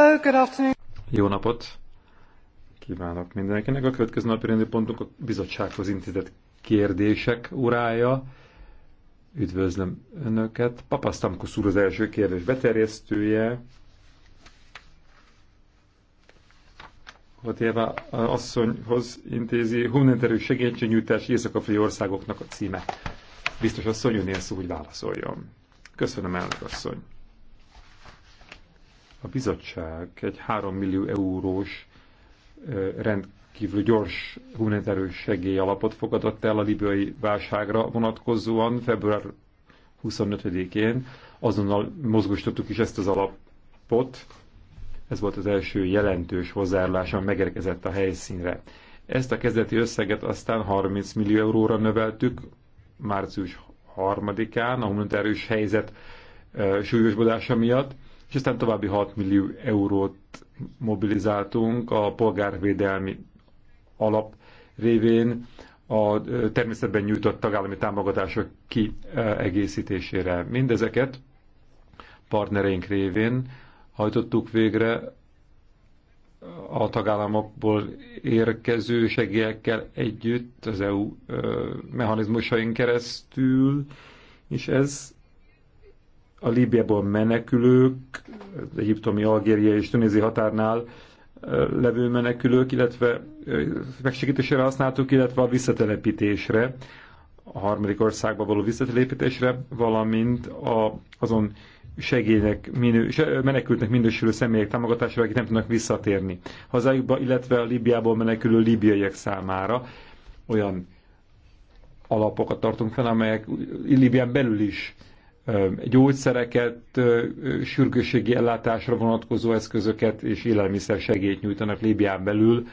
So, good afternoon. Jó napot kívánok mindenkinek. A következő napi rendi pontunk a bizottsághoz intézett kérdések urája. Üdvözlöm Önöket. Papasztamkusz úr az első kérdés beterjesztője. Hotéva asszonyhoz intézi humanitárius segítségnyújtás észak-afrikai országoknak a címe. Biztos asszony, önnél szó, hogy válaszoljon. Köszönöm, elnök asszony. A bizottság egy 3 millió eurós rendkívül gyors humanitárius alapot fogadott el a libiai válságra vonatkozóan február 25-én. Azonnal mozgósítottuk is ezt az alapot. Ez volt az első jelentős hozzájárulás, ami megérkezett a helyszínre. Ezt a kezdeti összeget aztán 30 millió euróra növeltük március 3-án a humanitárius helyzet súlyosbodása miatt és aztán további 6 millió eurót mobilizáltunk a polgárvédelmi alap révén a természetben nyújtott tagállami támogatások kiegészítésére. Mindezeket partnereink révén hajtottuk végre a tagállamokból érkező segélyekkel együtt az EU mechanizmusain keresztül, és ez a Líbiából menekülők, az egyiptomi, algériai és tunézi határnál levő menekülők, illetve megsegítésére használtuk, illetve a visszatelepítésre, a harmadik országba való visszatelepítésre, valamint a, azon segélynek, minő, menekültnek minősülő személyek támogatására, akik nem tudnak visszatérni hazájukba, illetve a Líbiából menekülő líbiaiak számára olyan alapokat tartunk fel, amelyek Líbián belül is gyógyszereket, sürgőségi ellátásra vonatkozó eszközöket és élelmiszer segélyt nyújtanak Líbián belül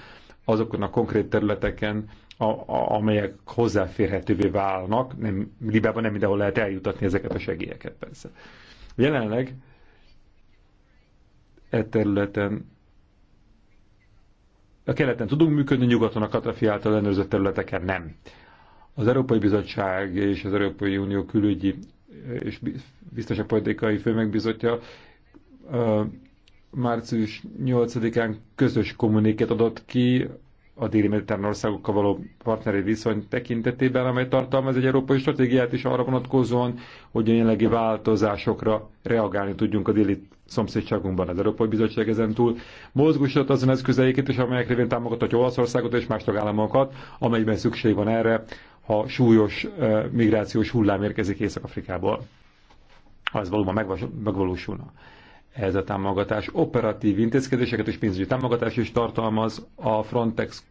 azokon a konkrét területeken, a, a, amelyek hozzáférhetővé válnak. Nem, Líbiában nem mindenhol lehet eljutatni ezeket a segélyeket, persze. Jelenleg e területen a keleten tudunk működni, nyugaton a Katafi által ellenőrzött területeken nem. Az Európai Bizottság és az Európai Unió külügyi és politikai főmegbizotja március 8-án közös kommunikét adott ki a déli mediterrán országokkal való partneri viszony tekintetében, amely tartalmaz egy európai stratégiát is arra vonatkozóan, hogy a jelenlegi változásokra reagálni tudjunk a déli szomszédságunkban. Az Európai Bizottság ezen túl mozgósított azon eszközeiket is, amelyek révén támogatott Olaszországot és más tagállamokat, amelyben szükség van erre ha súlyos migrációs hullám érkezik Észak-Afrikából. Ha ez valóban megvalósulna. Ez a támogatás operatív intézkedéseket és pénzügyi támogatást is tartalmaz a Frontex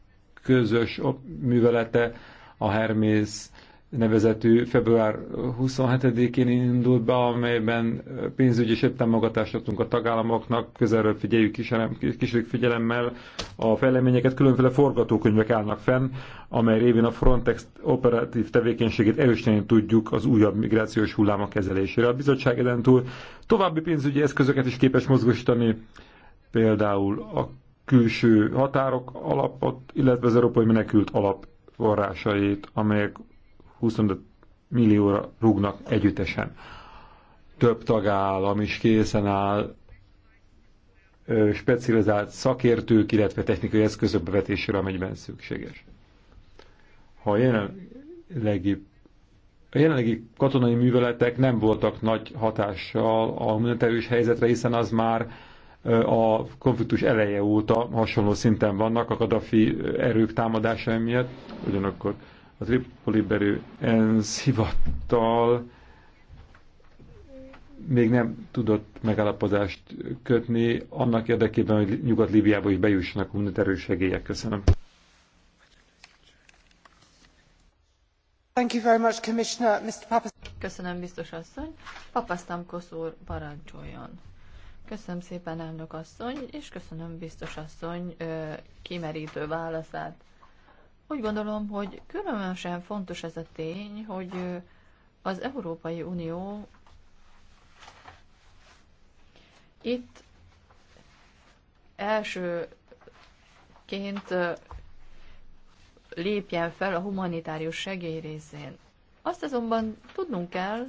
közös művelete, a Hermész nevezetű február 27-én indult be, amelyben pénzügyi és támogatást adtunk a tagállamoknak, közelről figyeljük kisebb figyelemmel. A fejleményeket különféle forgatókönyvek állnak fenn, amely révén a Frontex operatív tevékenységét erősíteni tudjuk az újabb migrációs hullámok kezelésére. A bizottság ezentúl további pénzügyi eszközöket is képes mozgosítani, például a külső határok alapot, illetve az európai menekült alap forrásait, amelyek 25 millióra rúgnak együttesen. Több tagállam is készen áll specializált szakértők, illetve technikai eszközök bevetésére, amelyben szükséges. Ha a jelenlegi, a jelenlegi katonai műveletek nem voltak nagy hatással a humanitárius helyzetre, hiszen az már a konfliktus eleje óta hasonló szinten vannak a Gaddafi erők támadása miatt, ugyanakkor a Tripoliberő ENSZ hivattal még nem tudott megállapodást kötni annak érdekében, hogy Nyugat-Líbiába is bejussanak humanitárius segélyek. Köszönöm. Thank you very much, Commissioner. Mr. Papas... Köszönöm, biztos asszony. Papasztam úr, parancsoljon. Köszönöm szépen, elnök asszony, és köszönöm, biztos asszony, kimerítő válaszát. Úgy gondolom, hogy különösen fontos ez a tény, hogy az Európai Unió itt elsőként lépjen fel a humanitárius segély részén. Azt azonban tudnunk kell,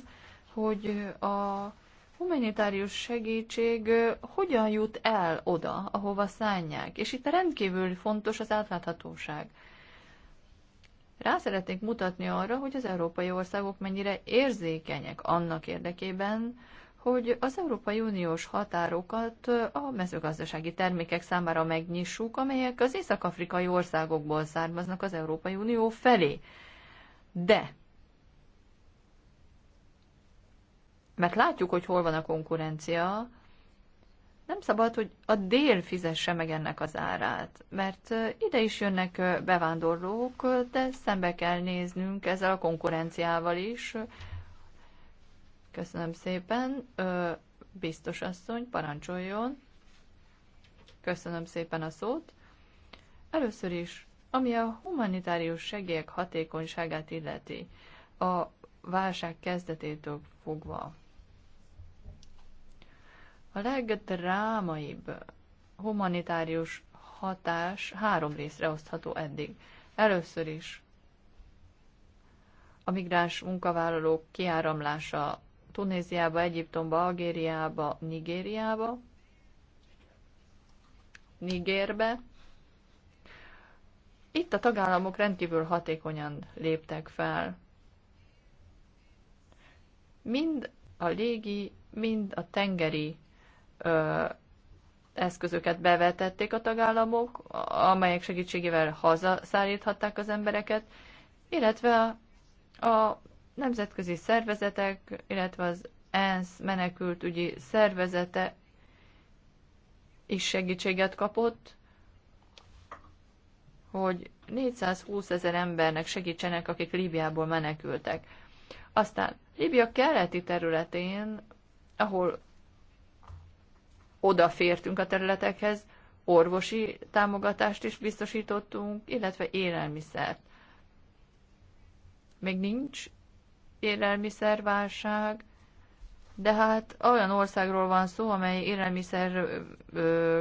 hogy a humanitárius segítség hogyan jut el oda, ahova szánják. És itt rendkívül fontos az átláthatóság. Rá szeretnék mutatni arra, hogy az európai országok mennyire érzékenyek annak érdekében, hogy az Európai Uniós határokat a mezőgazdasági termékek számára megnyissuk, amelyek az észak-afrikai országokból származnak az Európai Unió felé. De, mert látjuk, hogy hol van a konkurencia, nem szabad, hogy a dél fizesse meg ennek az árát, mert ide is jönnek bevándorlók, de szembe kell néznünk ezzel a konkurenciával is. Köszönöm szépen, biztos asszony, parancsoljon. Köszönöm szépen a szót. Először is, ami a humanitárius segélyek hatékonyságát illeti, a válság kezdetétől fogva a legdrámaibb humanitárius hatás három részre osztható eddig. Először is a migráns munkavállalók kiáramlása Tunéziába, Egyiptomba, Algériába, Nigériába, Nigérbe. Itt a tagállamok rendkívül hatékonyan léptek fel. Mind a légi, mind a tengeri eszközöket bevetették a tagállamok, amelyek segítségével hazaszállíthatták az embereket, illetve a nemzetközi szervezetek, illetve az ENSZ menekültügyi szervezete is segítséget kapott, hogy 420 ezer embernek segítsenek, akik Líbiából menekültek. Aztán Líbia keleti területén, ahol odafértünk a területekhez, orvosi támogatást is biztosítottunk, illetve élelmiszert. Még nincs élelmiszerválság, de hát olyan országról van szó, amely élelmiszer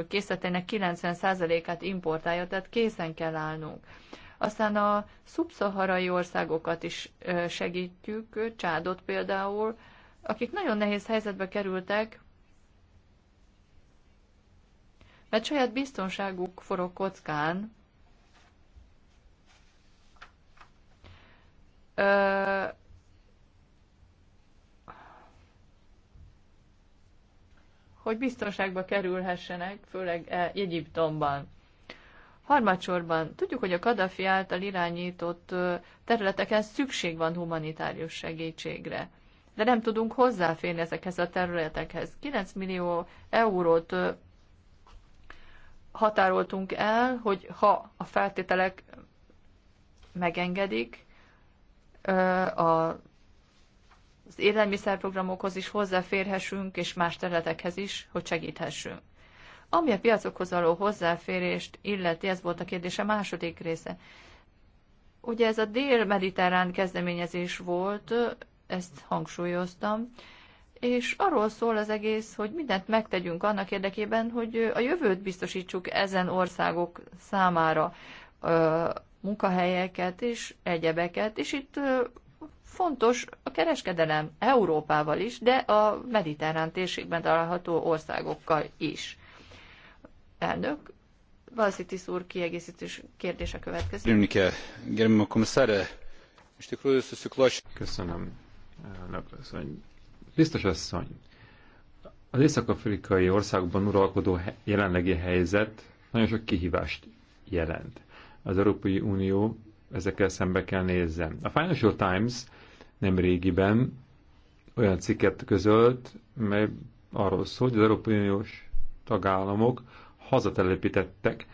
készletének 90%-át importálja, tehát készen kell állnunk. Aztán a szubszaharai országokat is segítjük, Csádot például, akik nagyon nehéz helyzetbe kerültek, mert saját biztonságuk forog kockán. hogy biztonságba kerülhessenek, főleg e, Egyiptomban. Harmadsorban tudjuk, hogy a Kadafi által irányított területeken szükség van humanitárius segítségre, de nem tudunk hozzáférni ezekhez a területekhez. 9 millió eurót határoltunk el, hogy ha a feltételek megengedik, az élelmiszerprogramokhoz is hozzáférhessünk, és más területekhez is, hogy segíthessünk. Ami a piacokhoz való hozzáférést illeti, ez volt a kérdése második része. Ugye ez a dél-mediterrán kezdeményezés volt, ezt hangsúlyoztam, és arról szól az egész, hogy mindent megtegyünk annak érdekében, hogy a jövőt biztosítsuk ezen országok számára munkahelyeket és egyebeket, és itt fontos a kereskedelem Európával is, de a mediterrán térségben található országokkal is. Elnök, Valszitis úr kiegészítős kérdése következik. Köszönöm, Köszönöm. Biztos asszony, az észak-afrikai Országban uralkodó jelenlegi helyzet nagyon sok kihívást jelent. Az Európai Unió ezekkel szembe kell nézzen. A Financial Times nem régiben olyan cikket közölt, mely arról szól, hogy az Európai Uniós tagállamok hazatelepítettek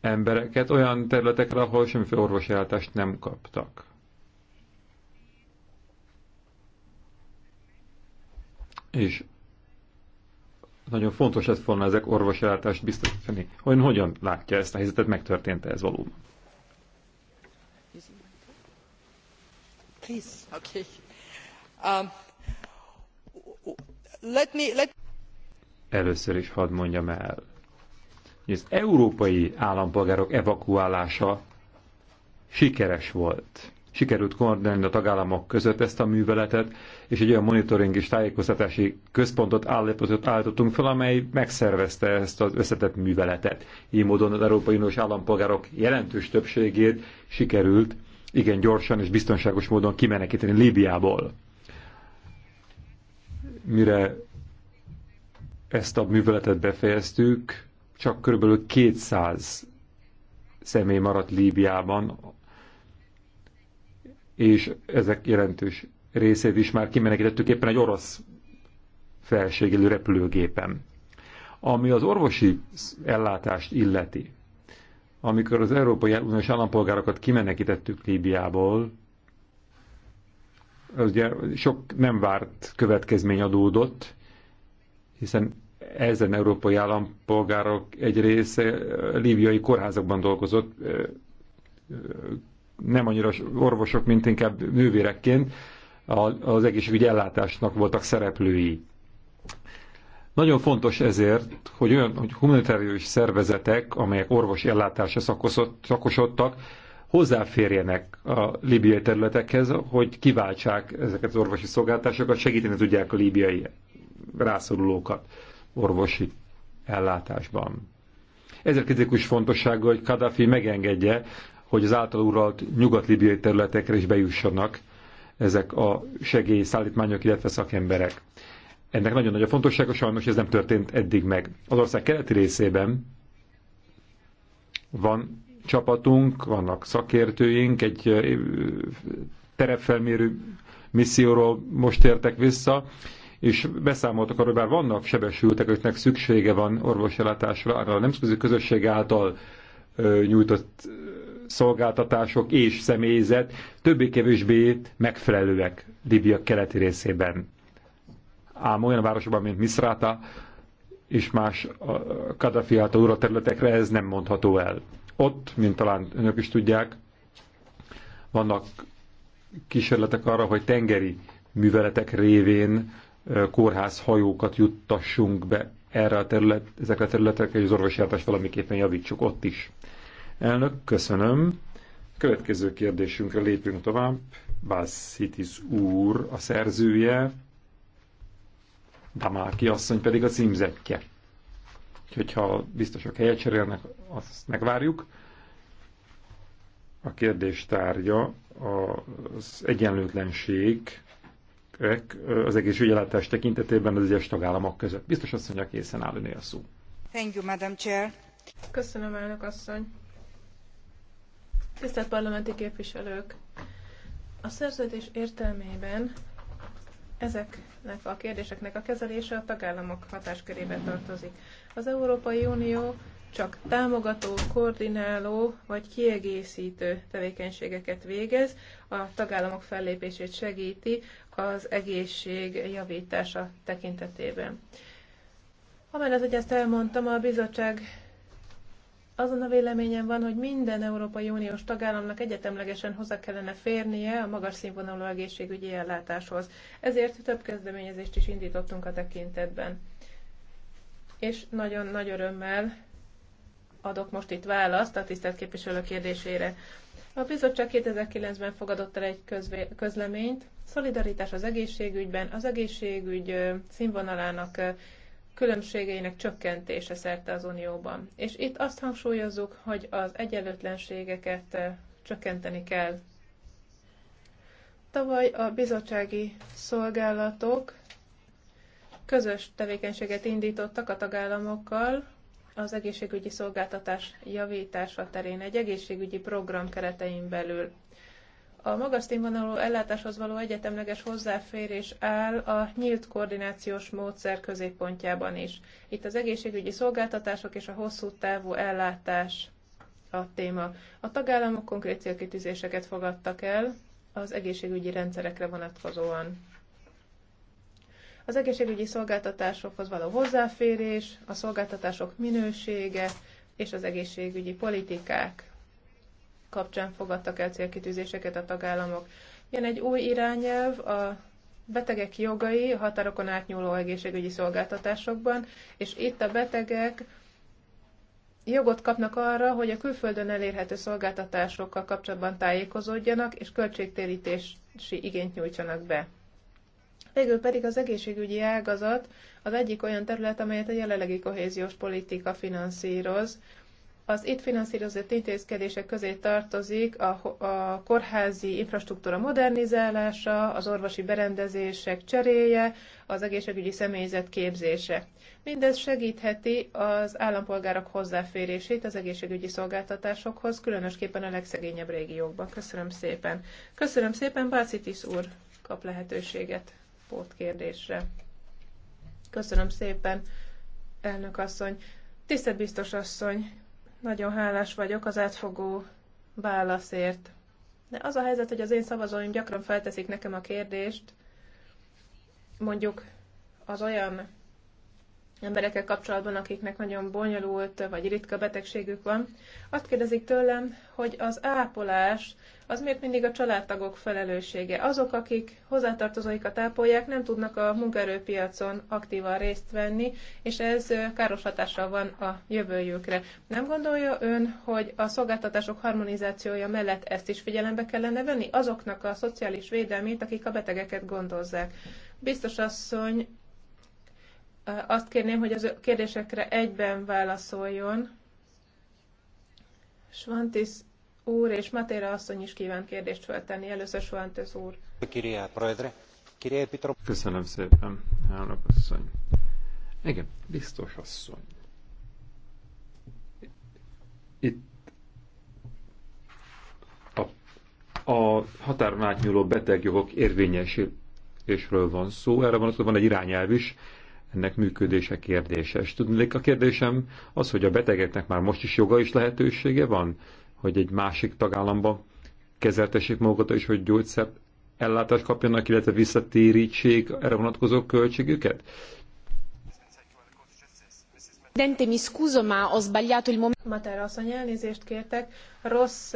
embereket olyan területekre, ahol semmiféle orvosi nem kaptak. És nagyon fontos lett volna ezek orvosellátást biztosítani. Olyan hogyan látja ezt a helyzetet, megtörtént -e ez valóban? Please. Okay. Um, let me, let... Először is hadd mondjam el, hogy az európai állampolgárok evakuálása sikeres volt sikerült koordinálni a tagállamok között ezt a műveletet, és egy olyan monitoring és tájékoztatási központot állítottunk fel, amely megszervezte ezt az összetett műveletet. Így módon az Európai Uniós állampolgárok jelentős többségét sikerült igen gyorsan és biztonságos módon kimenekíteni Líbiából. Mire ezt a műveletet befejeztük, csak körülbelül 200 személy maradt Líbiában, és ezek jelentős részét is már kimenekítettük éppen egy orosz felségélő repülőgépen. Ami az orvosi ellátást illeti, amikor az Európai Uniós állampolgárokat kimenekítettük Líbiából, az ugye sok nem várt következmény adódott, hiszen ezen európai állampolgárok egy része líbiai kórházakban dolgozott nem annyira orvosok, mint inkább nővérekként az egészségügyi ellátásnak voltak szereplői. Nagyon fontos ezért, hogy olyan hogy humanitárius szervezetek, amelyek orvosi ellátásra szakosodtak, hozzáférjenek a libiai területekhez, hogy kiváltsák ezeket az orvosi szolgáltásokat, segíteni tudják a libiai rászorulókat orvosi ellátásban. Ezért kritikus fontossága, hogy Kadhafi megengedje, hogy az által uralt nyugat-libiai területekre is bejussanak ezek a segélyszállítmányok, illetve szakemberek. Ennek nagyon nagy a fontossága, sajnos ez nem történt eddig meg. Az ország keleti részében van csapatunk, vannak szakértőink, egy terepfelmérő misszióról most értek vissza, és beszámoltak arról, bár vannak sebesültek, akiknek szüksége van orvoselátásra, arra a nemzetközi közösség által nyújtott szolgáltatások és személyzet többé-kevésbé megfelelőek Libia keleti részében. Ám olyan városokban, mint Misrata és más Kadhafi által ura területekre ez nem mondható el. Ott, mint talán önök is tudják, vannak kísérletek arra, hogy tengeri műveletek révén kórházhajókat juttassunk be erre a terület, ezekre a területekre, és az orvosi valamiképpen javítsuk ott is. Elnök, köszönöm. Következő kérdésünkre lépünk tovább. Bászitis úr a szerzője, Damáki asszony pedig a címzetje. Úgyhogy ha biztosok helyet cserélnek, azt megvárjuk. A kérdés tárgya az egyenlőtlenség az egészségügyelátás tekintetében az egyes tagállamok között. Biztos asszony, készen áll a szó. Thank you, Madam Chair. Köszönöm, elnök asszony. Tisztelt parlamenti képviselők! A szerződés értelmében ezeknek a kérdéseknek a kezelése a tagállamok hatáskörébe tartozik. Az Európai Unió csak támogató, koordináló vagy kiegészítő tevékenységeket végez, a tagállamok fellépését segíti az egészség javítása tekintetében. Amellett, hogy ezt elmondtam, a bizottság azon a véleményem van, hogy minden Európai Uniós tagállamnak egyetemlegesen hozzá kellene férnie a magas színvonalú egészségügyi ellátáshoz. Ezért több kezdeményezést is indítottunk a tekintetben. És nagyon nagy örömmel adok most itt választ a tisztelt képviselő kérdésére. A bizottság 2009-ben fogadott el egy közleményt, Szolidaritás az egészségügyben, az egészségügy színvonalának különbségeinek csökkentése szerte az Unióban. És itt azt hangsúlyozzuk, hogy az egyenlőtlenségeket eh, csökkenteni kell. Tavaly a bizottsági szolgálatok közös tevékenységet indítottak a tagállamokkal az egészségügyi szolgáltatás javítása terén egy egészségügyi program keretein belül. A magas színvonalú ellátáshoz való egyetemleges hozzáférés áll a nyílt koordinációs módszer középpontjában is. Itt az egészségügyi szolgáltatások és a hosszú távú ellátás a téma. A tagállamok konkrét célkitűzéseket fogadtak el az egészségügyi rendszerekre vonatkozóan. Az egészségügyi szolgáltatásokhoz való hozzáférés, a szolgáltatások minősége és az egészségügyi politikák kapcsán fogadtak el célkitűzéseket a tagállamok. Ilyen egy új irányelv a betegek jogai a határokon átnyúló egészségügyi szolgáltatásokban, és itt a betegek jogot kapnak arra, hogy a külföldön elérhető szolgáltatásokkal kapcsolatban tájékozódjanak, és költségtérítési igényt nyújtsanak be. Végül pedig az egészségügyi ágazat az egyik olyan terület, amelyet a jelenlegi kohéziós politika finanszíroz, az itt finanszírozott intézkedések közé tartozik a, a kórházi infrastruktúra modernizálása, az orvosi berendezések cseréje, az egészségügyi személyzet képzése. Mindez segítheti az állampolgárok hozzáférését az egészségügyi szolgáltatásokhoz, különösképpen a legszegényebb régiókban. Köszönöm szépen. Köszönöm szépen, Bácitis úr kap lehetőséget pótkérdésre. Köszönöm szépen, elnök asszony. Tisztelt biztos asszony, nagyon hálás vagyok az átfogó válaszért. De az a helyzet, hogy az én szavazóim gyakran felteszik nekem a kérdést, mondjuk az olyan emberekkel kapcsolatban, akiknek nagyon bonyolult vagy ritka betegségük van. Azt kérdezik tőlem, hogy az ápolás az miért mindig a családtagok felelőssége. Azok, akik hozzátartozóikat ápolják, nem tudnak a munkaerőpiacon aktívan részt venni, és ez káros hatással van a jövőjükre. Nem gondolja ön, hogy a szolgáltatások harmonizációja mellett ezt is figyelembe kellene venni azoknak a szociális védelmét, akik a betegeket gondozzák? Biztos asszony, azt kérném, hogy az kérdésekre egyben válaszoljon. Svantis úr és Matéra asszony is kíván kérdést feltenni. Először Svantis úr. Köszönöm szépen, elnök asszony. Igen, biztos asszony. Itt a, a határon átnyúló betegjogok érvényesülésről van szó, erre van, van egy irányelv is, ennek működése kérdése. És Tudnék, a kérdésem az, hogy a betegeknek már most is joga és lehetősége van, hogy egy másik tagállamban kezeltessék magukat is, hogy gyógyszert ellátást kapjanak, illetve visszatérítsék erre vonatkozó költségüket? Presidente, mi scuso, ma ho sbagliato il momento. Matera asszony, elnézést kértek. Rossz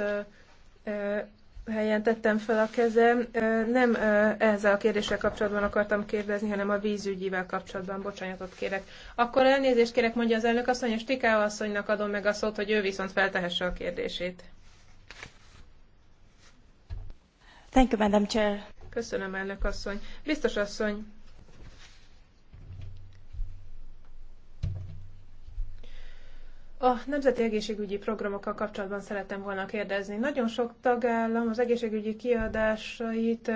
helyen tettem fel a kezem. Nem ezzel a kérdéssel kapcsolatban akartam kérdezni, hanem a vízügyivel kapcsolatban. Bocsánatot kérek. Akkor elnézést kérek, mondja az elnök asszony, és Tikáva asszonynak adom meg a szót, hogy ő viszont feltehesse a kérdését. Thank you, Madam Chair. Köszönöm, elnök asszony. Biztos asszony, A nemzeti egészségügyi programokkal kapcsolatban szerettem volna kérdezni. Nagyon sok tagállam az egészségügyi kiadásait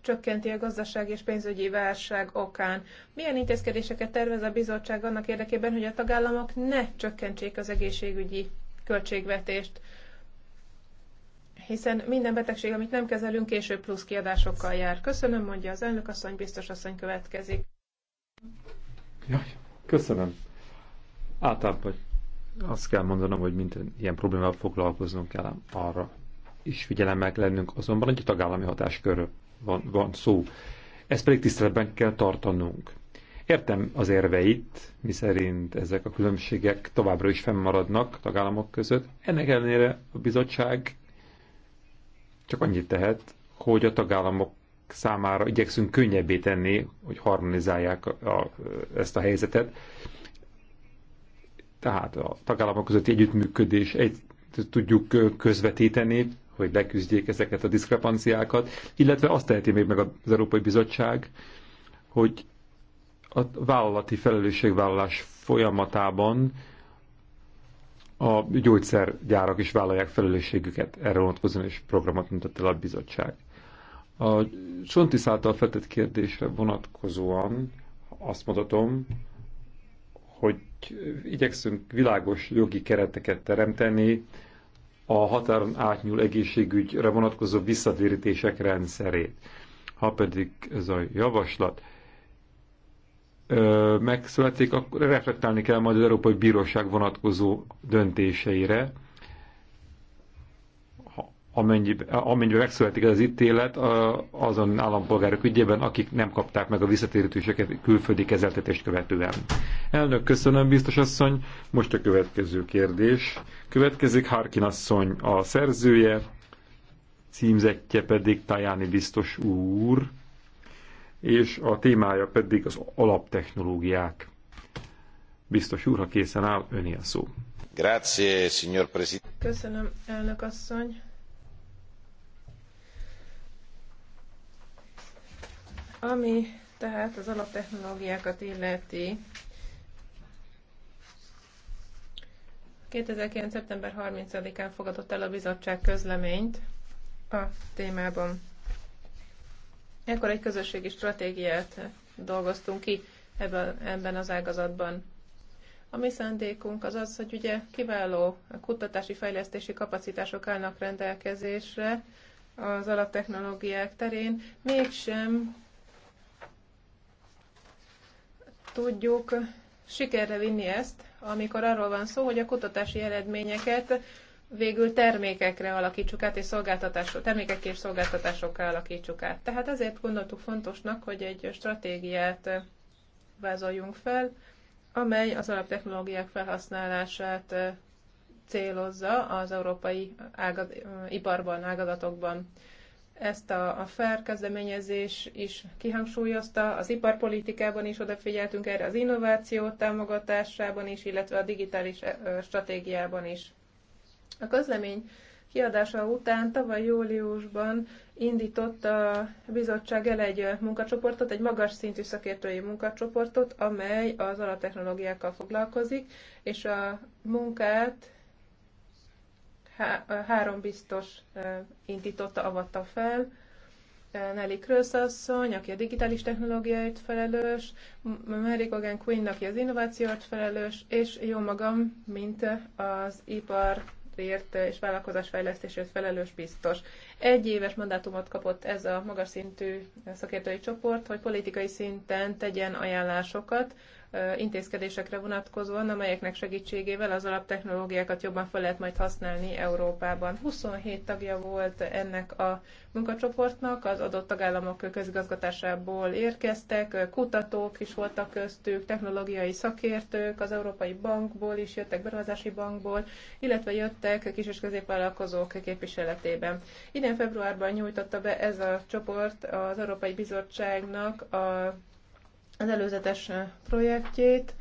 csökkenti a gazdaság és pénzügyi válság okán. Milyen intézkedéseket tervez a bizottság annak érdekében, hogy a tagállamok ne csökkentsék az egészségügyi költségvetést? Hiszen minden betegség, amit nem kezelünk, később plusz kiadásokkal jár. Köszönöm, mondja az elnök asszony, biztos asszony következik. Jaj, köszönöm. Átámpagy azt kell mondanom, hogy minden ilyen problémával foglalkoznunk kell arra is figyelemmel kell lennünk, azonban egy tagállami hatáskör van, van szó. Ezt pedig tiszteletben kell tartanunk. Értem az érveit, miszerint ezek a különbségek továbbra is fennmaradnak tagállamok között. Ennek ellenére a bizottság csak annyit tehet, hogy a tagállamok számára igyekszünk könnyebbé tenni, hogy harmonizálják a, a, ezt a helyzetet, tehát a tagállamok közötti együttműködés egy, tudjuk közvetíteni, hogy leküzdjék ezeket a diszkrepanciákat, illetve azt teheti még meg az Európai Bizottság, hogy a vállalati felelősségvállalás folyamatában a gyógyszergyárak is vállalják felelősségüket, erre vonatkozóan és programot mutat el a bizottság. A Sontis által feltett kérdésre vonatkozóan azt mondhatom, hogy igyekszünk világos jogi kereteket teremteni a határon átnyúl egészségügyre vonatkozó visszatérítések rendszerét. Ha pedig ez a javaslat megszületik, akkor reflektálni kell majd az Európai Bíróság vonatkozó döntéseire, amennyiben, amennyiben megszületik az ítélet azon állampolgárok ügyében, akik nem kapták meg a visszatérítéseket külföldi kezeltetést követően. Elnök, köszönöm, biztos asszony. Most a következő kérdés. Következik Harkin asszony a szerzője, címzettje pedig Tajáni biztos úr, és a témája pedig az alaptechnológiák. Biztos úr, ha készen áll, öné a szó. Grazie, signor Presidente. Köszönöm, elnök asszony. Ami tehát az alaptechnológiákat illeti, 2009. szeptember 30-án fogadott el a bizottság közleményt a témában. Ekkor egy közösségi stratégiát dolgoztunk ki ebben, az ágazatban. A mi szándékunk az az, hogy ugye kiváló kutatási fejlesztési kapacitások állnak rendelkezésre az alaptechnológiák terén, mégsem tudjuk sikerre vinni ezt, amikor arról van szó, hogy a kutatási eredményeket végül termékekre alakítsuk át, és szolgáltatások, termékek és szolgáltatásokra alakítsuk át. Tehát ezért gondoltuk fontosnak, hogy egy stratégiát vázoljunk fel, amely az alaptechnológiák felhasználását célozza az európai ágaz, iparban, ágazatokban. Ezt a, a FAIR kezdeményezés is kihangsúlyozta, az iparpolitikában is odafigyeltünk erre, az innováció támogatásában is, illetve a digitális stratégiában is. A közlemény kiadása után tavaly júliusban indított a bizottság el egy munkacsoportot, egy magas szintű szakértői munkacsoportot, amely az alaptechnológiákkal foglalkozik, és a munkát há- három biztos indította, avatta fel, Nelly Krösz asszony, aki a digitális technológiáért felelős, Mary Gogan Quinn, aki az innovációért felelős, és jó magam, mint az ipar ért és vállalkozásfejlesztésért felelős biztos. Egy éves mandátumot kapott ez a magas szintű szakértői csoport, hogy politikai szinten tegyen ajánlásokat intézkedésekre vonatkozóan, amelyeknek segítségével az alaptechnológiákat jobban fel lehet majd használni Európában. 27 tagja volt ennek a munkacsoportnak, az adott tagállamok közigazgatásából érkeztek, kutatók is voltak köztük, technológiai szakértők, az Európai Bankból is jöttek, Beruházási Bankból, illetve jöttek kis- és középvállalkozók képviseletében. Idén februárban nyújtotta be ez a csoport az Európai Bizottságnak a az előzetes projektjét,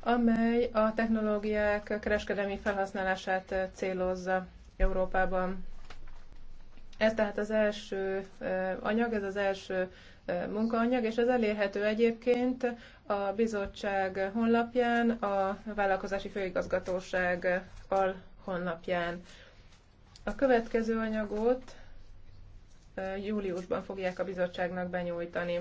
amely a technológiák kereskedelmi felhasználását célozza Európában. Ez tehát az első anyag, ez az első munkaanyag, és ez elérhető egyébként a bizottság honlapján, a vállalkozási főigazgatóság al honlapján. A következő anyagot júliusban fogják a bizottságnak benyújtani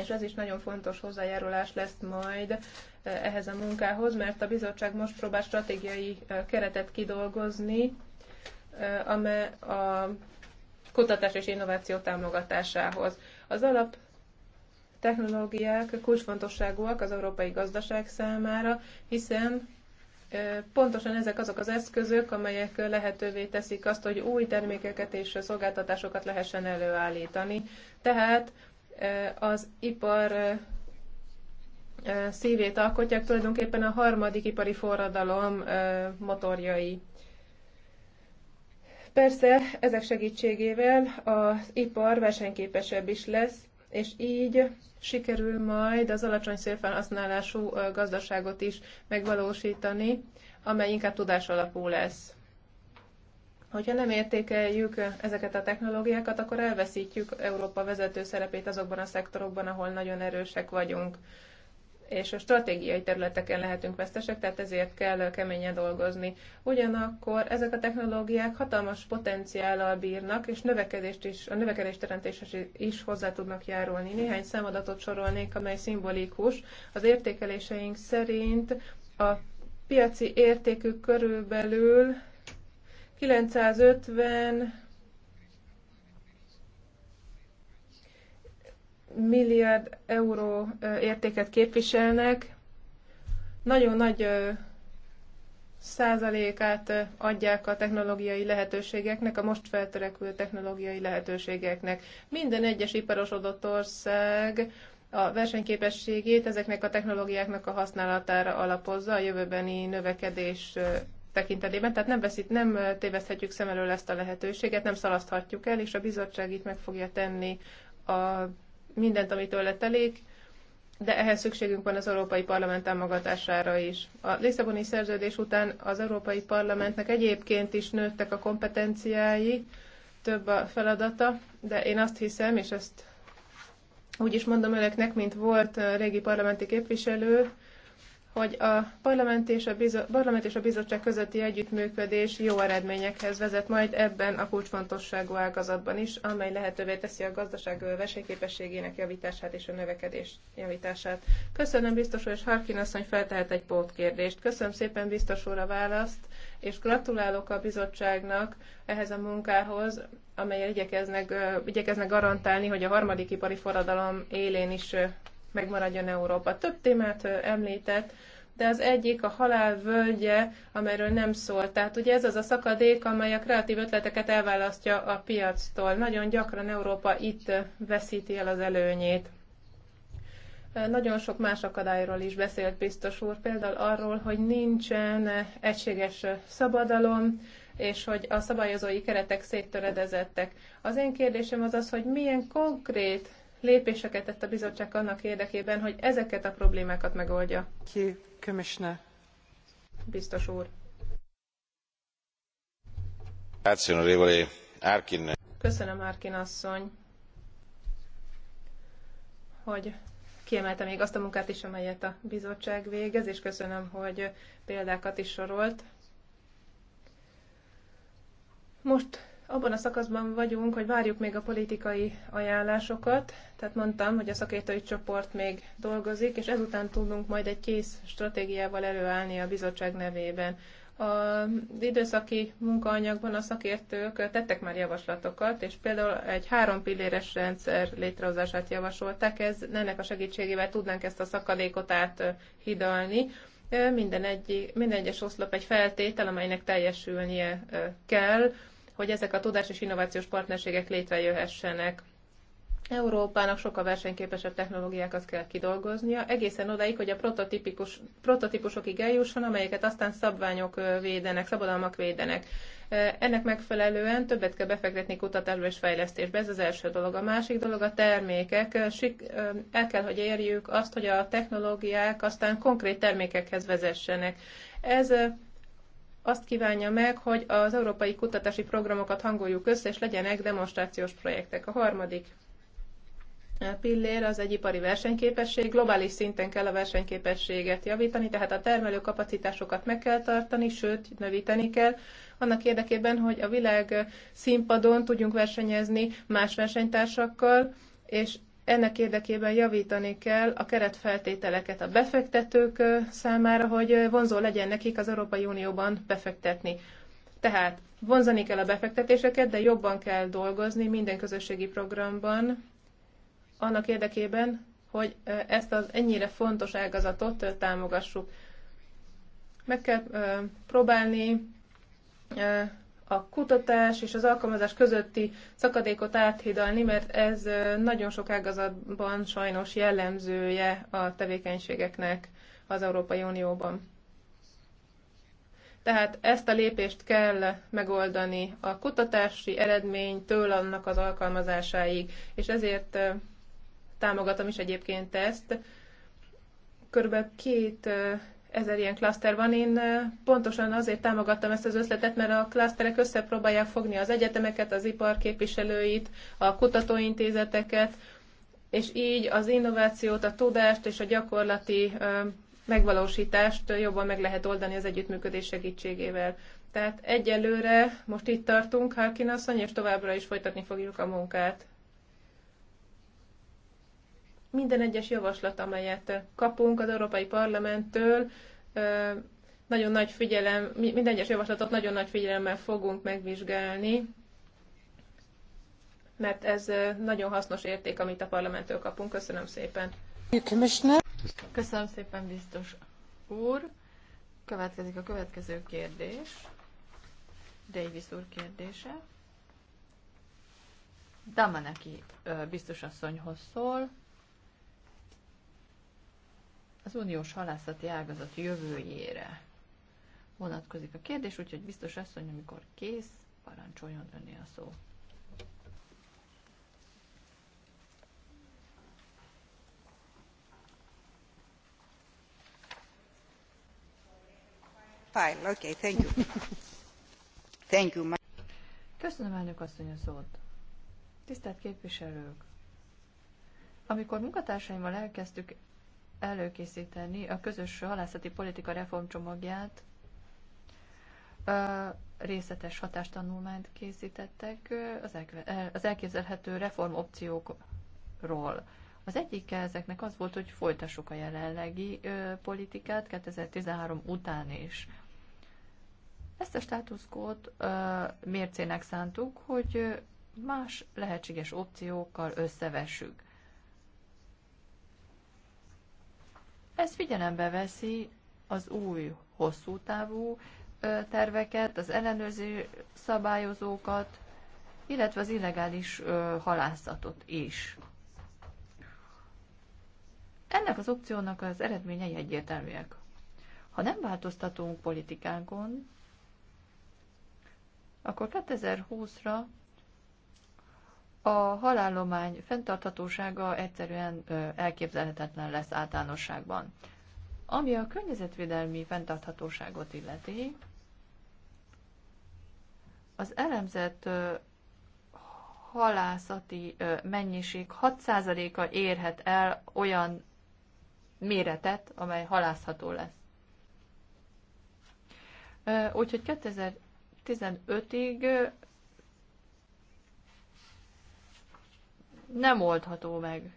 és ez is nagyon fontos hozzájárulás lesz majd eh, ehhez a munkához, mert a bizottság most próbál stratégiai eh, keretet kidolgozni, eh, amely a kutatás és innováció támogatásához. Az alap technológiák kulcsfontosságúak az európai gazdaság számára, hiszen pontosan ezek azok az eszközök, amelyek lehetővé teszik azt, hogy új termékeket és szolgáltatásokat lehessen előállítani. Tehát az ipar szívét alkotják tulajdonképpen a harmadik ipari forradalom motorjai. Persze ezek segítségével az ipar versenyképesebb is lesz, és így sikerül majd az alacsony szélfelhasználású gazdaságot is megvalósítani, amely inkább tudás alapú lesz. Hogyha nem értékeljük ezeket a technológiákat, akkor elveszítjük Európa vezető szerepét azokban a szektorokban, ahol nagyon erősek vagyunk és a stratégiai területeken lehetünk vesztesek, tehát ezért kell keményen dolgozni. Ugyanakkor ezek a technológiák hatalmas potenciállal bírnak, és növekedést is, a növekedés teremtéshez is hozzá tudnak járulni. Néhány számadatot sorolnék, amely szimbolikus. Az értékeléseink szerint a piaci értékük körülbelül 950 milliárd euró értéket képviselnek, nagyon nagy százalékát adják a technológiai lehetőségeknek, a most feltörekvő technológiai lehetőségeknek. Minden egyes iparosodott ország a versenyképességét ezeknek a technológiáknak a használatára alapozza a jövőbeni növekedés tekintetében, tehát nem, veszít, nem téveszthetjük szem elől ezt a lehetőséget, nem szalaszthatjuk el, és a bizottság itt meg fogja tenni a mindent, amit tőle telik, de ehhez szükségünk van az Európai Parlament támogatására is. A Lisszaboni szerződés után az Európai Parlamentnek egyébként is nőttek a kompetenciái, több a feladata, de én azt hiszem, és ezt úgy is mondom önöknek, mint volt régi parlamenti képviselő, hogy a parlament és a, bizo- parlament és a bizottság közötti együttműködés jó eredményekhez vezet majd ebben a kulcsfontosságú ágazatban is, amely lehetővé teszi a gazdaság versenyképességének javítását és a növekedés javítását. Köszönöm biztos úr, és Harkin asszony feltehet egy pótkérdést. Köszönöm szépen biztos úr a választ, és gratulálok a bizottságnak ehhez a munkához, amelyel igyekeznek, igyekeznek garantálni, hogy a harmadik ipari forradalom élén is megmaradjon Európa. Több témát említett, de az egyik a halál völgye, amelyről nem szól. Tehát ugye ez az a szakadék, amely a kreatív ötleteket elválasztja a piactól. Nagyon gyakran Európa itt veszíti el az előnyét. Nagyon sok más akadályról is beszélt biztos úr, például arról, hogy nincsen egységes szabadalom, és hogy a szabályozói keretek széttöredezettek. Az én kérdésem az az, hogy milyen konkrét lépéseket tett a bizottság annak érdekében, hogy ezeket a problémákat megoldja? Ki, Commissioner. Biztos úr. Köszönöm, Árkin asszony, hogy kiemelte még azt a munkát is, amelyet a bizottság végez, és köszönöm, hogy példákat is sorolt. Most abban a szakaszban vagyunk, hogy várjuk még a politikai ajánlásokat, tehát mondtam, hogy a szakértői csoport még dolgozik, és ezután tudunk majd egy kész stratégiával előállni a bizottság nevében. Az időszaki munkaanyagban a szakértők tettek már javaslatokat, és például egy három pilléres rendszer létrehozását javasolták, ez, ennek a segítségével tudnánk ezt a szakadékot áthidalni. Minden, egy, minden egyes oszlop egy feltétel, amelynek teljesülnie kell, hogy ezek a tudás és innovációs partnerségek létrejöhessenek. Európának sokkal versenyképesebb technológiákat kell kidolgoznia, egészen odaig, hogy a prototípikus, prototípusokig eljusson, amelyeket aztán szabványok védenek, szabadalmak védenek. Ennek megfelelően többet kell befektetni kutatásba és fejlesztésbe, ez az első dolog. A másik dolog a termékek. El kell, hogy érjük azt, hogy a technológiák aztán konkrét termékekhez vezessenek. Ez azt kívánja meg, hogy az európai kutatási programokat hangoljuk össze, és legyenek demonstrációs projektek. A harmadik pillér az egy ipari versenyképesség. Globális szinten kell a versenyképességet javítani, tehát a termelő kapacitásokat meg kell tartani, sőt, növíteni kell, annak érdekében, hogy a világ színpadon tudjunk versenyezni más versenytársakkal, és ennek érdekében javítani kell a keretfeltételeket a befektetők számára, hogy vonzó legyen nekik az Európai Unióban befektetni. Tehát vonzani kell a befektetéseket, de jobban kell dolgozni minden közösségi programban, annak érdekében, hogy ezt az ennyire fontos ágazatot támogassuk. Meg kell próbálni a kutatás és az alkalmazás közötti szakadékot áthidalni, mert ez nagyon sok ágazatban sajnos jellemzője a tevékenységeknek az Európai Unióban. Tehát ezt a lépést kell megoldani a kutatási eredménytől annak az alkalmazásáig, és ezért támogatom is egyébként ezt. Körülbelül két ezer ilyen klaszter van. Én pontosan azért támogattam ezt az ötletet, mert a klaszterek összepróbálják fogni az egyetemeket, az ipar képviselőit, a kutatóintézeteket, és így az innovációt, a tudást és a gyakorlati megvalósítást jobban meg lehet oldani az együttműködés segítségével. Tehát egyelőre most itt tartunk, Harkin asszony, és továbbra is folytatni fogjuk a munkát. Minden egyes javaslat, amelyet kapunk az Európai Parlamenttől, nagyon nagy figyelem, minden egyes javaslatot nagyon nagy figyelemmel fogunk megvizsgálni, mert ez nagyon hasznos érték, amit a parlamenttől kapunk. Köszönöm szépen. Köszönöm szépen, biztos úr. Következik a következő kérdés. Davis úr kérdése. Damaneki biztos asszonyhoz szól az uniós halászati ágazat jövőjére vonatkozik a kérdés, úgyhogy biztos asszony, amikor kész, parancsoljon önné a szó. Fine, okay, thank you. thank you. Köszönöm elnök asszony a szót. Tisztelt képviselők! Amikor munkatársaimmal elkezdtük előkészíteni a közös halászati politika reformcsomagját, részletes hatástanulmányt készítettek az elképzelhető reformopciókról. Az egyik ezeknek az volt, hogy folytassuk a jelenlegi politikát 2013 után is. Ezt a státuszkót mércének szántuk, hogy más lehetséges opciókkal összevessük. Ez figyelembe veszi az új hosszú távú terveket, az ellenőrző szabályozókat, illetve az illegális halászatot is. Ennek az opciónak az eredményei egyértelműek. Ha nem változtatunk politikánkon, akkor 2020-ra a halállomány fenntarthatósága egyszerűen elképzelhetetlen lesz általánosságban. Ami a környezetvédelmi fenntarthatóságot illeti, az elemzett halászati mennyiség 6%-a érhet el olyan méretet, amely halászható lesz. Úgyhogy 2015-ig nem oldható meg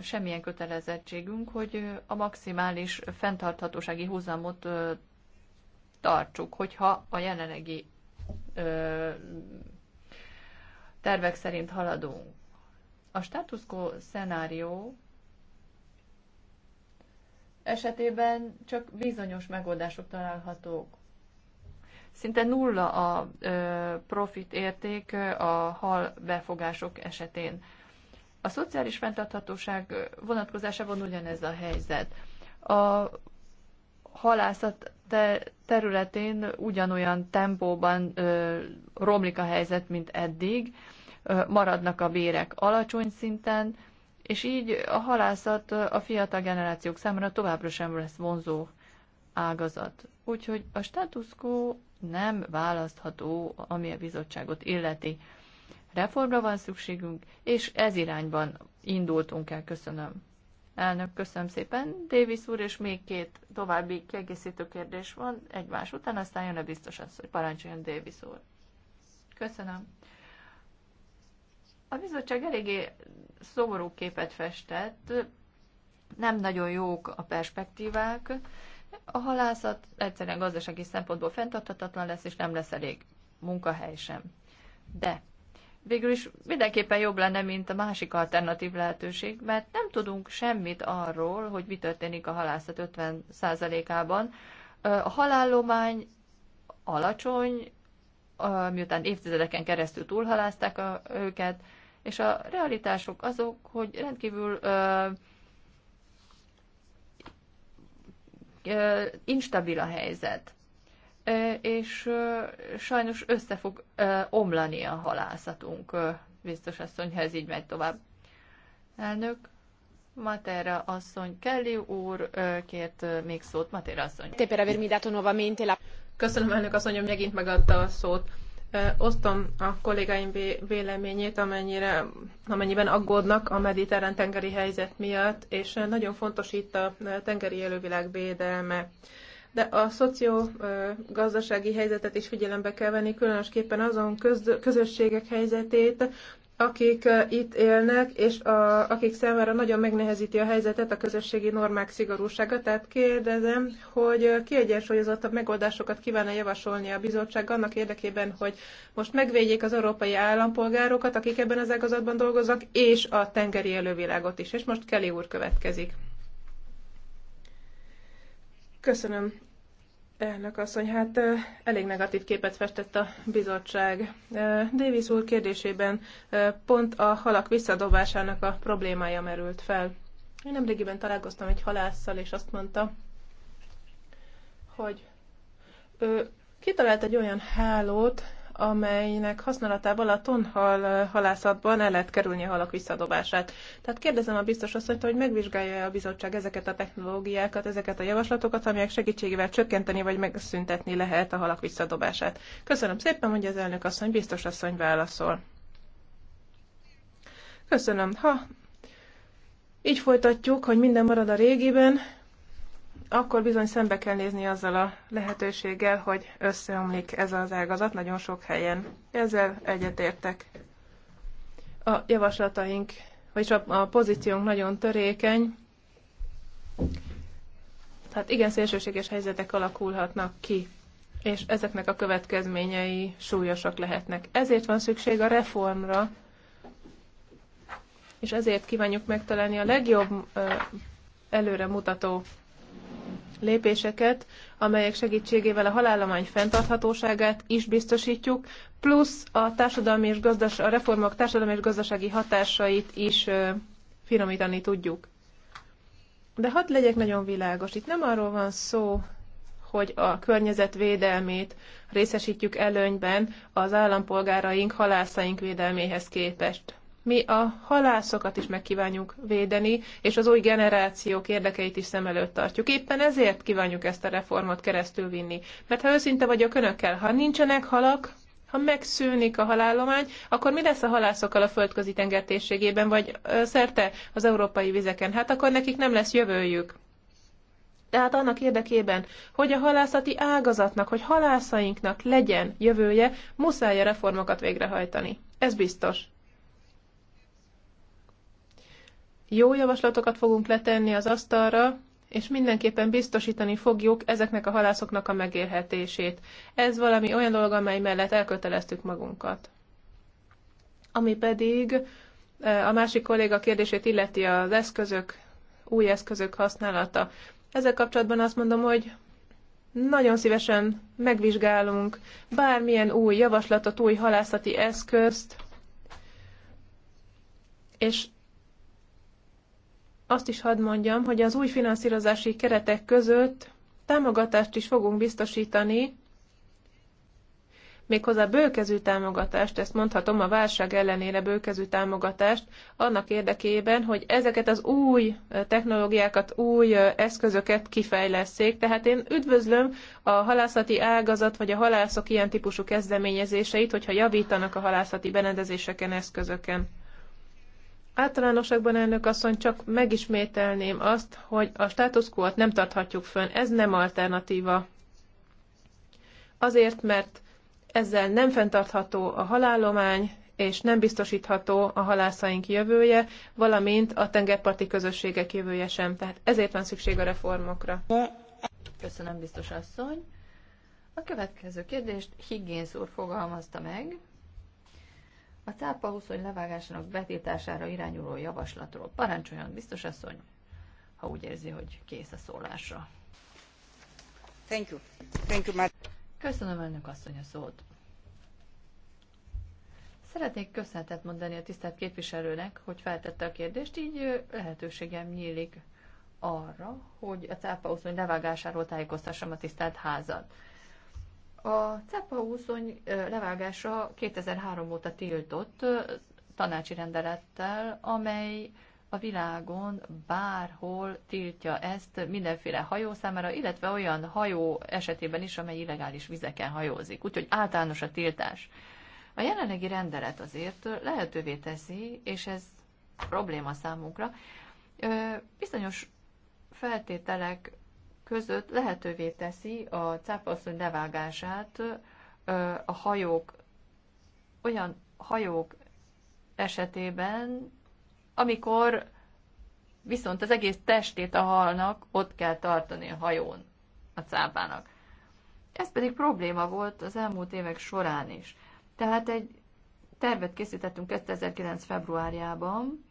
semmilyen kötelezettségünk, hogy a maximális fenntarthatósági húzamot tartsuk, hogyha a jelenlegi tervek szerint haladunk. A status quo szenárió esetében csak bizonyos megoldások találhatók. Szinte nulla a profit érték a hal befogások esetén. A szociális fenntarthatóság vonatkozásában ugyanez a helyzet. A halászat területén ugyanolyan tempóban romlik a helyzet, mint eddig, maradnak a bérek alacsony szinten, és így a halászat a fiatal generációk számára továbbra sem lesz vonzó ágazat. Úgyhogy a status quo nem választható, ami a bizottságot illeti. Reformra van szükségünk, és ez irányban indultunk el. Köszönöm. Elnök, köszönöm szépen. Davis úr, és még két további kiegészítő kérdés van egymás után, aztán jön a biztos az, hogy parancsoljon Davis úr. Köszönöm. A bizottság eléggé szomorú képet festett, nem nagyon jók a perspektívák, a halászat egyszerűen gazdasági szempontból fenntarthatatlan lesz, és nem lesz elég munkahely sem. De végül is mindenképpen jobb lenne, mint a másik alternatív lehetőség, mert nem tudunk semmit arról, hogy mi történik a halászat 50%-ában. A halállomány alacsony, miután évtizedeken keresztül túlhalázták a, őket, és a realitások azok, hogy rendkívül instabil a helyzet, és sajnos össze fog omlani a halászatunk, biztos asszony, ha ez így megy tovább. Elnök, Matera asszony, Kelly úr kért még szót, Matera asszony. Köszönöm elnök asszony, hogy megint megadta a szót. Osztom a kollégáim véleményét, amennyire, amennyiben aggódnak a mediterrán tengeri helyzet miatt, és nagyon fontos itt a tengeri élővilág védelme. De a szociogazdasági helyzetet is figyelembe kell venni, különösképpen azon közösségek helyzetét, akik itt élnek, és a, akik számára nagyon megnehezíti a helyzetet a közösségi normák szigorúsága. Tehát kérdezem, hogy kiegyensúlyozottabb megoldásokat kívánna javasolni a bizottság annak érdekében, hogy most megvédjék az európai állampolgárokat, akik ebben az ágazatban dolgoznak, és a tengeri élővilágot is. És most Kelly úr következik. Köszönöm, Elnök asszony, hát elég negatív képet festett a bizottság. Davis úr kérdésében pont a halak visszadobásának a problémája merült fel. Én nemrégiben találkoztam egy halásszal, és azt mondta, hogy ő kitalált egy olyan hálót, amelynek használatával a tonhal halászatban el lehet kerülni a halak visszadobását. Tehát kérdezem a biztos azt, hogy megvizsgálja a bizottság ezeket a technológiákat, ezeket a javaslatokat, amelyek segítségével csökkenteni vagy megszüntetni lehet a halak visszadobását. Köszönöm szépen, mondja az elnök asszony, biztos asszony válaszol. Köszönöm. Ha így folytatjuk, hogy minden marad a régiben, akkor bizony szembe kell nézni azzal a lehetőséggel, hogy összeomlik ez az ágazat nagyon sok helyen. Ezzel egyetértek. A javaslataink, vagyis a, a pozíciónk nagyon törékeny, tehát igen szélsőséges helyzetek alakulhatnak ki, és ezeknek a következményei súlyosak lehetnek. Ezért van szükség a reformra, és ezért kívánjuk megtalálni a legjobb előremutató lépéseket, amelyek segítségével a halállomány fenntarthatóságát is biztosítjuk, plusz a, társadalmi és gazdas- a reformok társadalmi és gazdasági hatásait is ö, finomítani tudjuk. De hadd legyek nagyon világos, itt nem arról van szó, hogy a környezetvédelmét részesítjük előnyben az állampolgáraink, halászaink védelméhez képest mi a halászokat is megkívánjuk védeni, és az új generációk érdekeit is szem előtt tartjuk. Éppen ezért kívánjuk ezt a reformot keresztül vinni. Mert ha őszinte vagyok önökkel, ha nincsenek halak, ha megszűnik a halállomány, akkor mi lesz a halászokkal a földközi tengertérségében, vagy szerte az európai vizeken? Hát akkor nekik nem lesz jövőjük. Tehát annak érdekében, hogy a halászati ágazatnak, hogy halászainknak legyen jövője, muszáj a reformokat végrehajtani. Ez biztos. Jó javaslatokat fogunk letenni az asztalra, és mindenképpen biztosítani fogjuk ezeknek a halászoknak a megélhetését. Ez valami olyan dolog, amely mellett elköteleztük magunkat. Ami pedig e, a másik kolléga kérdését illeti az eszközök, új eszközök használata. Ezzel kapcsolatban azt mondom, hogy nagyon szívesen megvizsgálunk bármilyen új javaslatot, új halászati eszközt, és azt is hadd mondjam, hogy az új finanszírozási keretek között támogatást is fogunk biztosítani, méghozzá bőkezű támogatást, ezt mondhatom, a válság ellenére bőkezű támogatást, annak érdekében, hogy ezeket az új technológiákat, új eszközöket kifejleszék. Tehát én üdvözlöm a halászati ágazat, vagy a halászok ilyen típusú kezdeményezéseit, hogyha javítanak a halászati berendezéseken, eszközöken. Általánosakban elnök asszony csak megismételném azt, hogy a status quo nem tarthatjuk fönn. Ez nem alternatíva. Azért, mert ezzel nem fenntartható a halálomány, és nem biztosítható a halászaink jövője, valamint a tengerparti közösségek jövője sem. Tehát ezért van szükség a reformokra. Köszönöm, biztos asszony. A következő kérdést Higgins úr fogalmazta meg a cápa huszony levágásának betiltására irányuló javaslatról. Parancsoljon, biztos asszony, ha úgy érzi, hogy kész a szólásra. Thank you. Thank you, Köszönöm, elnök asszony, a szót. Szeretnék köszönetet mondani a tisztelt képviselőnek, hogy feltette a kérdést, így lehetőségem nyílik arra, hogy a cápa levágásáról tájékoztassam a tisztelt házat. A CEPA úszony levágása 2003 óta tiltott tanácsi rendelettel, amely a világon bárhol tiltja ezt mindenféle hajó számára, illetve olyan hajó esetében is, amely illegális vizeken hajózik. Úgyhogy általános a tiltás. A jelenlegi rendelet azért lehetővé teszi, és ez probléma számunkra, bizonyos feltételek között lehetővé teszi a cápasszony levágását a hajók, olyan hajók esetében, amikor viszont az egész testét a halnak ott kell tartani a hajón a cápának. Ez pedig probléma volt az elmúlt évek során is. Tehát egy tervet készítettünk 2009. februárjában,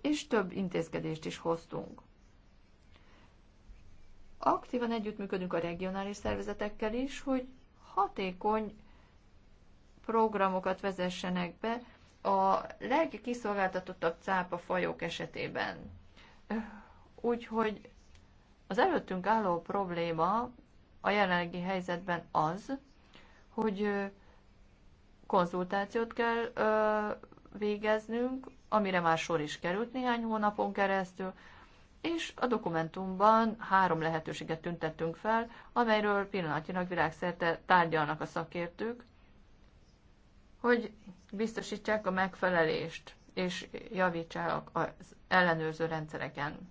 és több intézkedést is hoztunk aktívan együttműködünk a regionális szervezetekkel is, hogy hatékony programokat vezessenek be a legkiszolgáltatottabb cápa fajok esetében. Úgyhogy az előttünk álló probléma a jelenlegi helyzetben az, hogy konzultációt kell végeznünk, amire már sor is került néhány hónapon keresztül, és a dokumentumban három lehetőséget tüntettünk fel, amelyről pillanatnyilag világszerte tárgyalnak a szakértők, hogy biztosítsák a megfelelést, és javítsák az ellenőrző rendszereken.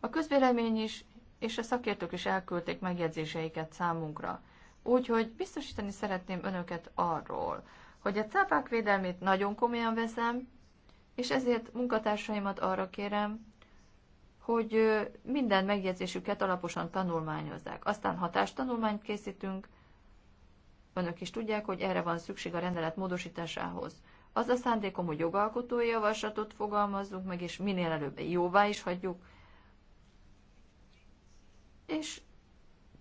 A közvélemény is, és a szakértők is elküldték megjegyzéseiket számunkra, úgyhogy biztosítani szeretném önöket arról, hogy a cápák védelmét nagyon komolyan veszem, és ezért munkatársaimat arra kérem, hogy minden megjegyzésüket alaposan tanulmányozzák. Aztán hatástanulmányt készítünk, önök is tudják, hogy erre van szükség a rendelet módosításához. Az a szándékom, hogy jogalkotói javaslatot fogalmazzunk meg, és minél előbb jóvá is hagyjuk, és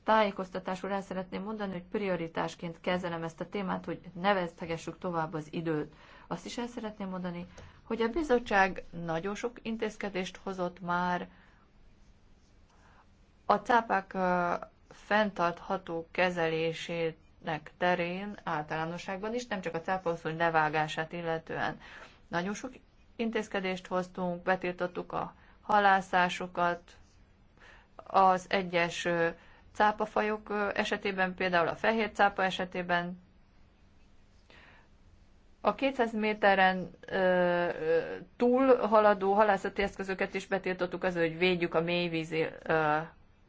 tájékoztatásul el szeretném mondani, hogy prioritásként kezelem ezt a témát, hogy ne vesztegessük tovább az időt. Azt is el szeretném mondani, hogy a bizottság nagyon sok intézkedést hozott már a cápák fenntartható kezelésének terén általánosságban is, nem csak a cápaoszony levágását illetően. Nagyon sok intézkedést hoztunk, betiltottuk a halászásokat, az egyes cápafajok esetében, például a fehér cápa esetében a 200 méteren ö, túl haladó halászati eszközöket is betiltottuk az, hogy védjük a mélyvízi ö,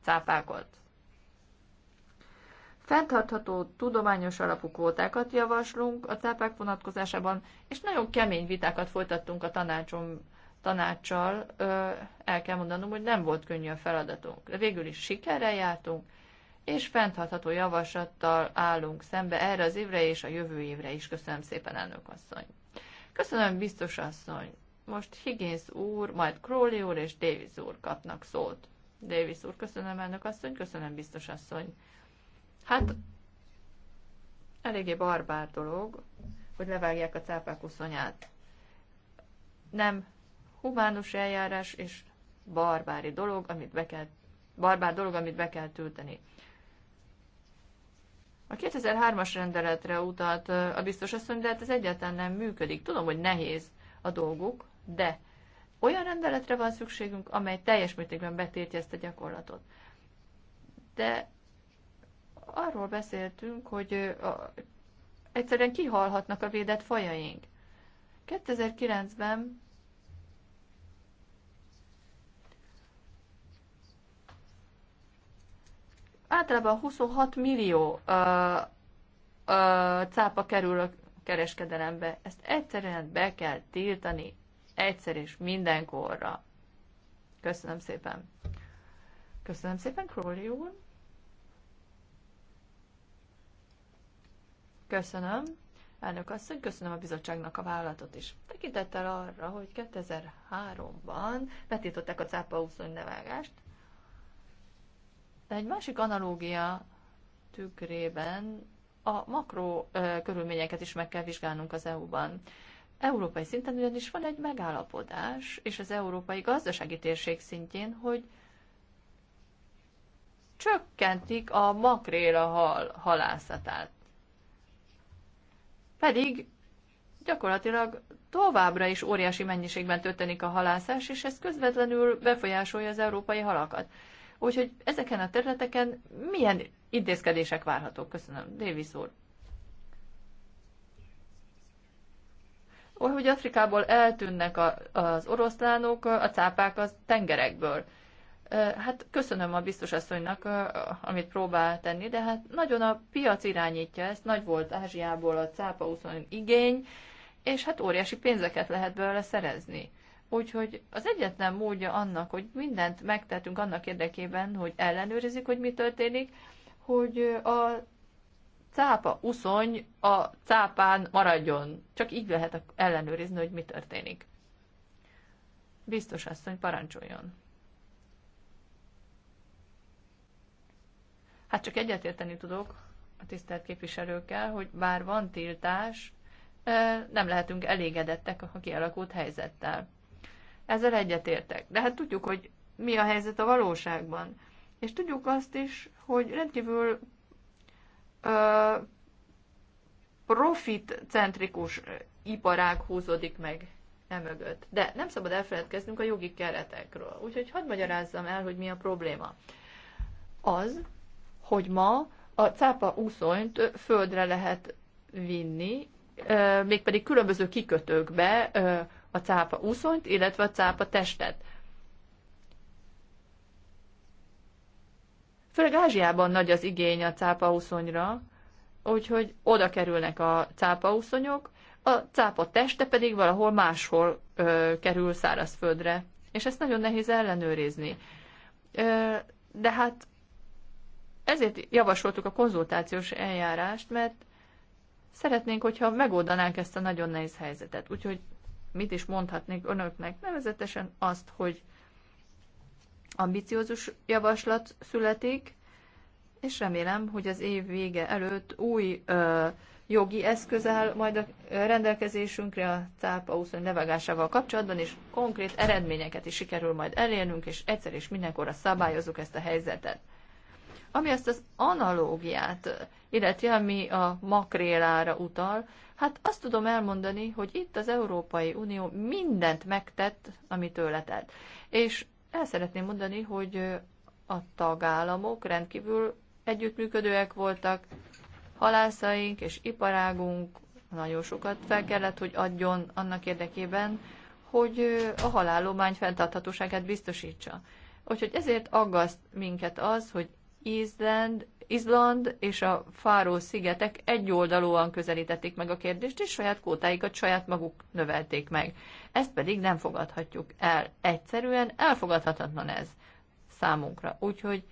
cápákat. Fenntartható tudományos alapú kvótákat javaslunk a cápák vonatkozásában, és nagyon kemény vitákat folytattunk a tanácsom, tanácssal. Ö, el kell mondanom, hogy nem volt könnyű a feladatunk, de végül is sikerrel jártunk, és fenntartható javaslattal állunk szembe erre az évre és a jövő évre is. Köszönöm szépen, elnök asszony. Köszönöm, biztos asszony. Most Higgins úr, majd Crowley úr és Davis úr kapnak szót. Davis úr, köszönöm, elnök asszony, köszönöm, biztos asszony. Hát, eléggé barbár dolog, hogy levágják a cápák uszonyát. Nem humánus eljárás és barbári dolog, amit be kell, barbár dolog, amit be kell tölteni. A 2003-as rendeletre utalt a biztos asszony, de hát ez egyáltalán nem működik. Tudom, hogy nehéz a dolguk, de olyan rendeletre van szükségünk, amely teljes mértékben betiltja ezt a gyakorlatot. De arról beszéltünk, hogy a, egyszerűen kihalhatnak a védett fajaink. 2009-ben Általában 26 millió ö, ö, cápa kerül a kereskedelembe. Ezt egyszerűen be kell tiltani, egyszer és mindenkorra. Köszönöm szépen. Köszönöm szépen, Crowley úr. Köszönöm. Elnök asszony, köszönöm a bizottságnak a vállalatot is. Tekintettel arra, hogy 2003-ban betiltották a cápa úszony nevágást, de egy másik analógia tükrében a makro körülményeket is meg kell vizsgálnunk az EU-ban. Európai szinten ugyanis van egy megállapodás, és az európai gazdasági térség szintjén, hogy csökkentik a makréla hal, halászatát. Pedig gyakorlatilag továbbra is óriási mennyiségben történik a halászás, és ez közvetlenül befolyásolja az európai halakat. Úgyhogy ezeken a területeken milyen intézkedések várhatók? Köszönöm. Davis úr. Hogy Afrikából eltűnnek a, az oroszlánok, a cápák a tengerekből. Hát köszönöm a biztos asszonynak, amit próbál tenni, de hát nagyon a piac irányítja ezt, nagy volt Ázsiából a cápa úszon igény, és hát óriási pénzeket lehet belőle szerezni. Úgyhogy az egyetlen módja annak, hogy mindent megtettünk annak érdekében, hogy ellenőrizik, hogy mi történik, hogy a cápa uszony a cápán maradjon. Csak így lehet ellenőrizni, hogy mi történik. Biztos asszony, parancsoljon. Hát csak egyetérteni tudok a tisztelt képviselőkkel, hogy bár van tiltás, nem lehetünk elégedettek a kialakult helyzettel. Ezzel egyetértek. De hát tudjuk, hogy mi a helyzet a valóságban. És tudjuk azt is, hogy rendkívül ö, profitcentrikus iparág húzódik meg emögött. De nem szabad elfeledkeznünk a jogi keretekről. Úgyhogy hadd magyarázzam el, hogy mi a probléma. Az, hogy ma a cápa úszonyt földre lehet vinni, mégpedig különböző kikötőkbe, a cápa úszonyt, illetve a cápa testet. Főleg Ázsiában nagy az igény a cápa úszonyra, úgyhogy oda kerülnek a cápa úszonyok, a cápa teste pedig valahol máshol ö, kerül szárazföldre. És ezt nagyon nehéz ellenőrizni. Ö, de hát ezért javasoltuk a konzultációs eljárást, mert szeretnénk, hogyha megoldanánk ezt a nagyon nehéz helyzetet. Úgyhogy mit is mondhatnék önöknek, nevezetesen azt, hogy ambiciózus javaslat születik, és remélem, hogy az év vége előtt új ö, jogi eszköz áll majd a rendelkezésünkre a cápa úszony levágásával kapcsolatban, és konkrét eredményeket is sikerül majd elérnünk, és egyszer és mindenkorra szabályozunk ezt a helyzetet. Ami ezt az analógiát illeti, ami a makrélára utal, hát azt tudom elmondani, hogy itt az Európai Unió mindent megtett, amit tőle És el szeretném mondani, hogy a tagállamok rendkívül együttműködőek voltak, halászaink és iparágunk nagyon sokat fel kellett, hogy adjon annak érdekében, hogy a halállomány fenntarthatóságát biztosítsa. Úgyhogy ezért aggaszt minket az, hogy Island, Island és a Fáró szigetek egyoldalúan közelítették meg a kérdést, és saját kótáikat saját maguk növelték meg. Ezt pedig nem fogadhatjuk el. Egyszerűen elfogadhatatlan ez számunkra. Úgyhogy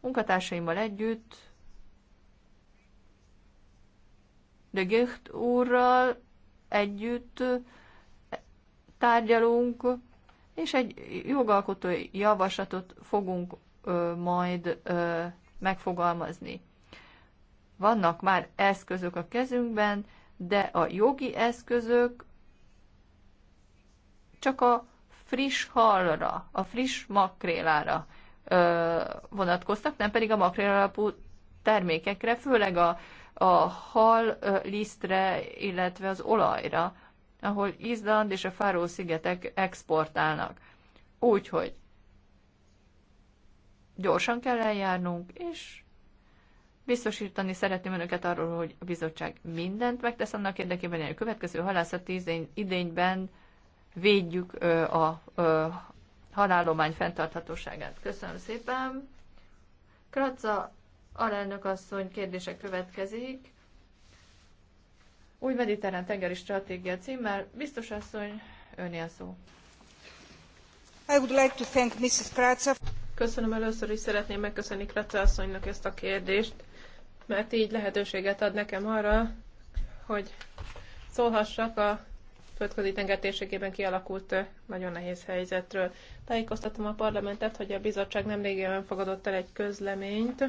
munkatársaimmal együtt de Gecht úrral együtt tárgyalunk, és egy jogalkotói javaslatot fogunk majd megfogalmazni. Vannak már eszközök a kezünkben, de a jogi eszközök csak a friss halra, a friss makrélára ö, vonatkoztak, nem pedig a makrél alapú termékekre, főleg a, a hal ö, lisztre, illetve az olajra, ahol Izland és a Fáró szigetek exportálnak. Úgyhogy gyorsan kell eljárnunk, és biztosítani szeretném önöket arról, hogy a bizottság mindent megtesz annak érdekében, hogy a következő halászati idényben védjük a halállomány fenntarthatóságát. Köszönöm szépen. Kratza alelnök asszony kérdése következik. Új mediterrán tengeri stratégia címmel. Biztos asszony, önél szó. I would like to thank Mrs. Kratza. Köszönöm először is szeretném megköszönni Kratza asszonynak ezt a kérdést, mert így lehetőséget ad nekem arra, hogy szólhassak a földközi tengertérségében kialakult nagyon nehéz helyzetről. Tájékoztatom a parlamentet, hogy a bizottság nem régen fogadott el egy közleményt.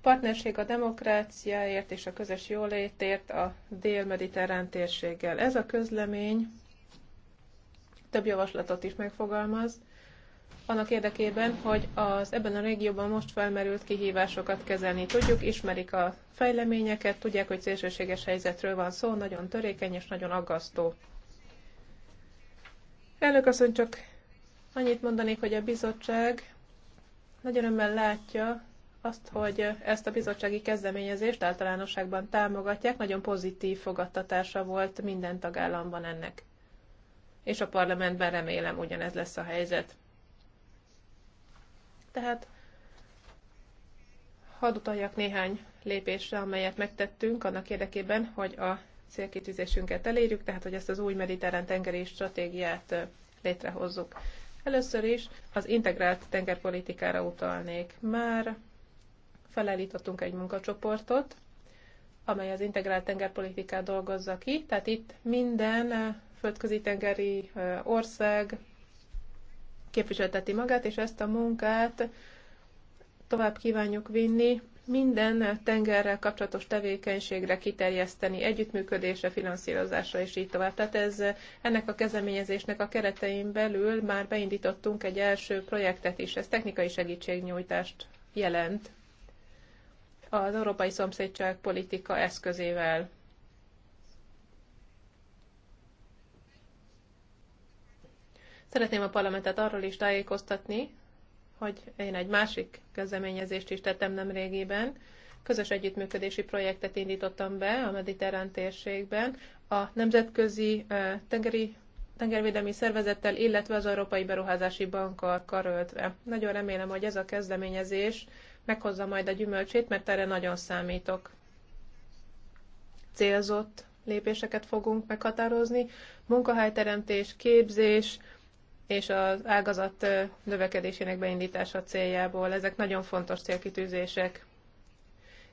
Partnerség a demokráciáért és a közös jólétért a dél-mediterrán térséggel. Ez a közlemény több javaslatot is megfogalmaz, annak érdekében, hogy az ebben a régióban most felmerült kihívásokat kezelni tudjuk, ismerik a fejleményeket, tudják, hogy szélsőséges helyzetről van szó, nagyon törékeny és nagyon aggasztó. Elnök asszony, csak annyit mondanék, hogy a bizottság nagy örömmel látja azt, hogy ezt a bizottsági kezdeményezést általánosságban támogatják, nagyon pozitív fogadtatása volt minden tagállamban ennek. És a parlamentben remélem ugyanez lesz a helyzet. Tehát hadd utaljak néhány lépésre, amelyet megtettünk annak érdekében, hogy a célkitűzésünket elérjük, tehát hogy ezt az új mediterrán tengeri stratégiát létrehozzuk. Először is az integrált tengerpolitikára utalnék. Már felállítottunk egy munkacsoportot, amely az integrált tengerpolitikát dolgozza ki, tehát itt minden földközi tengeri ország, képviselteti magát, és ezt a munkát tovább kívánjuk vinni, minden tengerrel kapcsolatos tevékenységre kiterjeszteni, együttműködésre, finanszírozásra és így tovább. Tehát ez, ennek a kezeményezésnek a keretein belül már beindítottunk egy első projektet is, ez technikai segítségnyújtást jelent az Európai Szomszédság politika eszközével. Szeretném a parlamentet arról is tájékoztatni, hogy én egy másik kezdeményezést is tettem nem régében. Közös együttműködési projektet indítottam be a mediterrán térségben a Nemzetközi eh, Tengeri tengervédelmi szervezettel, illetve az Európai Beruházási Bankkal karöltve. Nagyon remélem, hogy ez a kezdeményezés meghozza majd a gyümölcsét, mert erre nagyon számítok. Célzott lépéseket fogunk meghatározni, munkahelyteremtés, képzés, és az ágazat növekedésének beindítása céljából. Ezek nagyon fontos célkitűzések.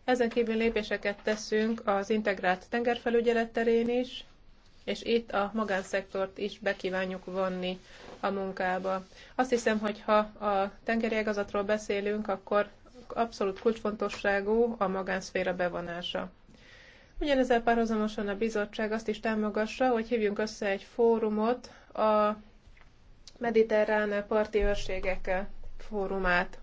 Ezen kívül lépéseket teszünk az integrált tengerfelügyelet terén is, és itt a magánszektort is bekívánjuk vonni a munkába. Azt hiszem, hogy ha a tengeri ágazatról beszélünk, akkor abszolút kulcsfontosságú a magánszféra bevonása. Ugyanezzel párhuzamosan a bizottság azt is támogassa, hogy hívjunk össze egy fórumot a mediterrán parti őrségek fórumát.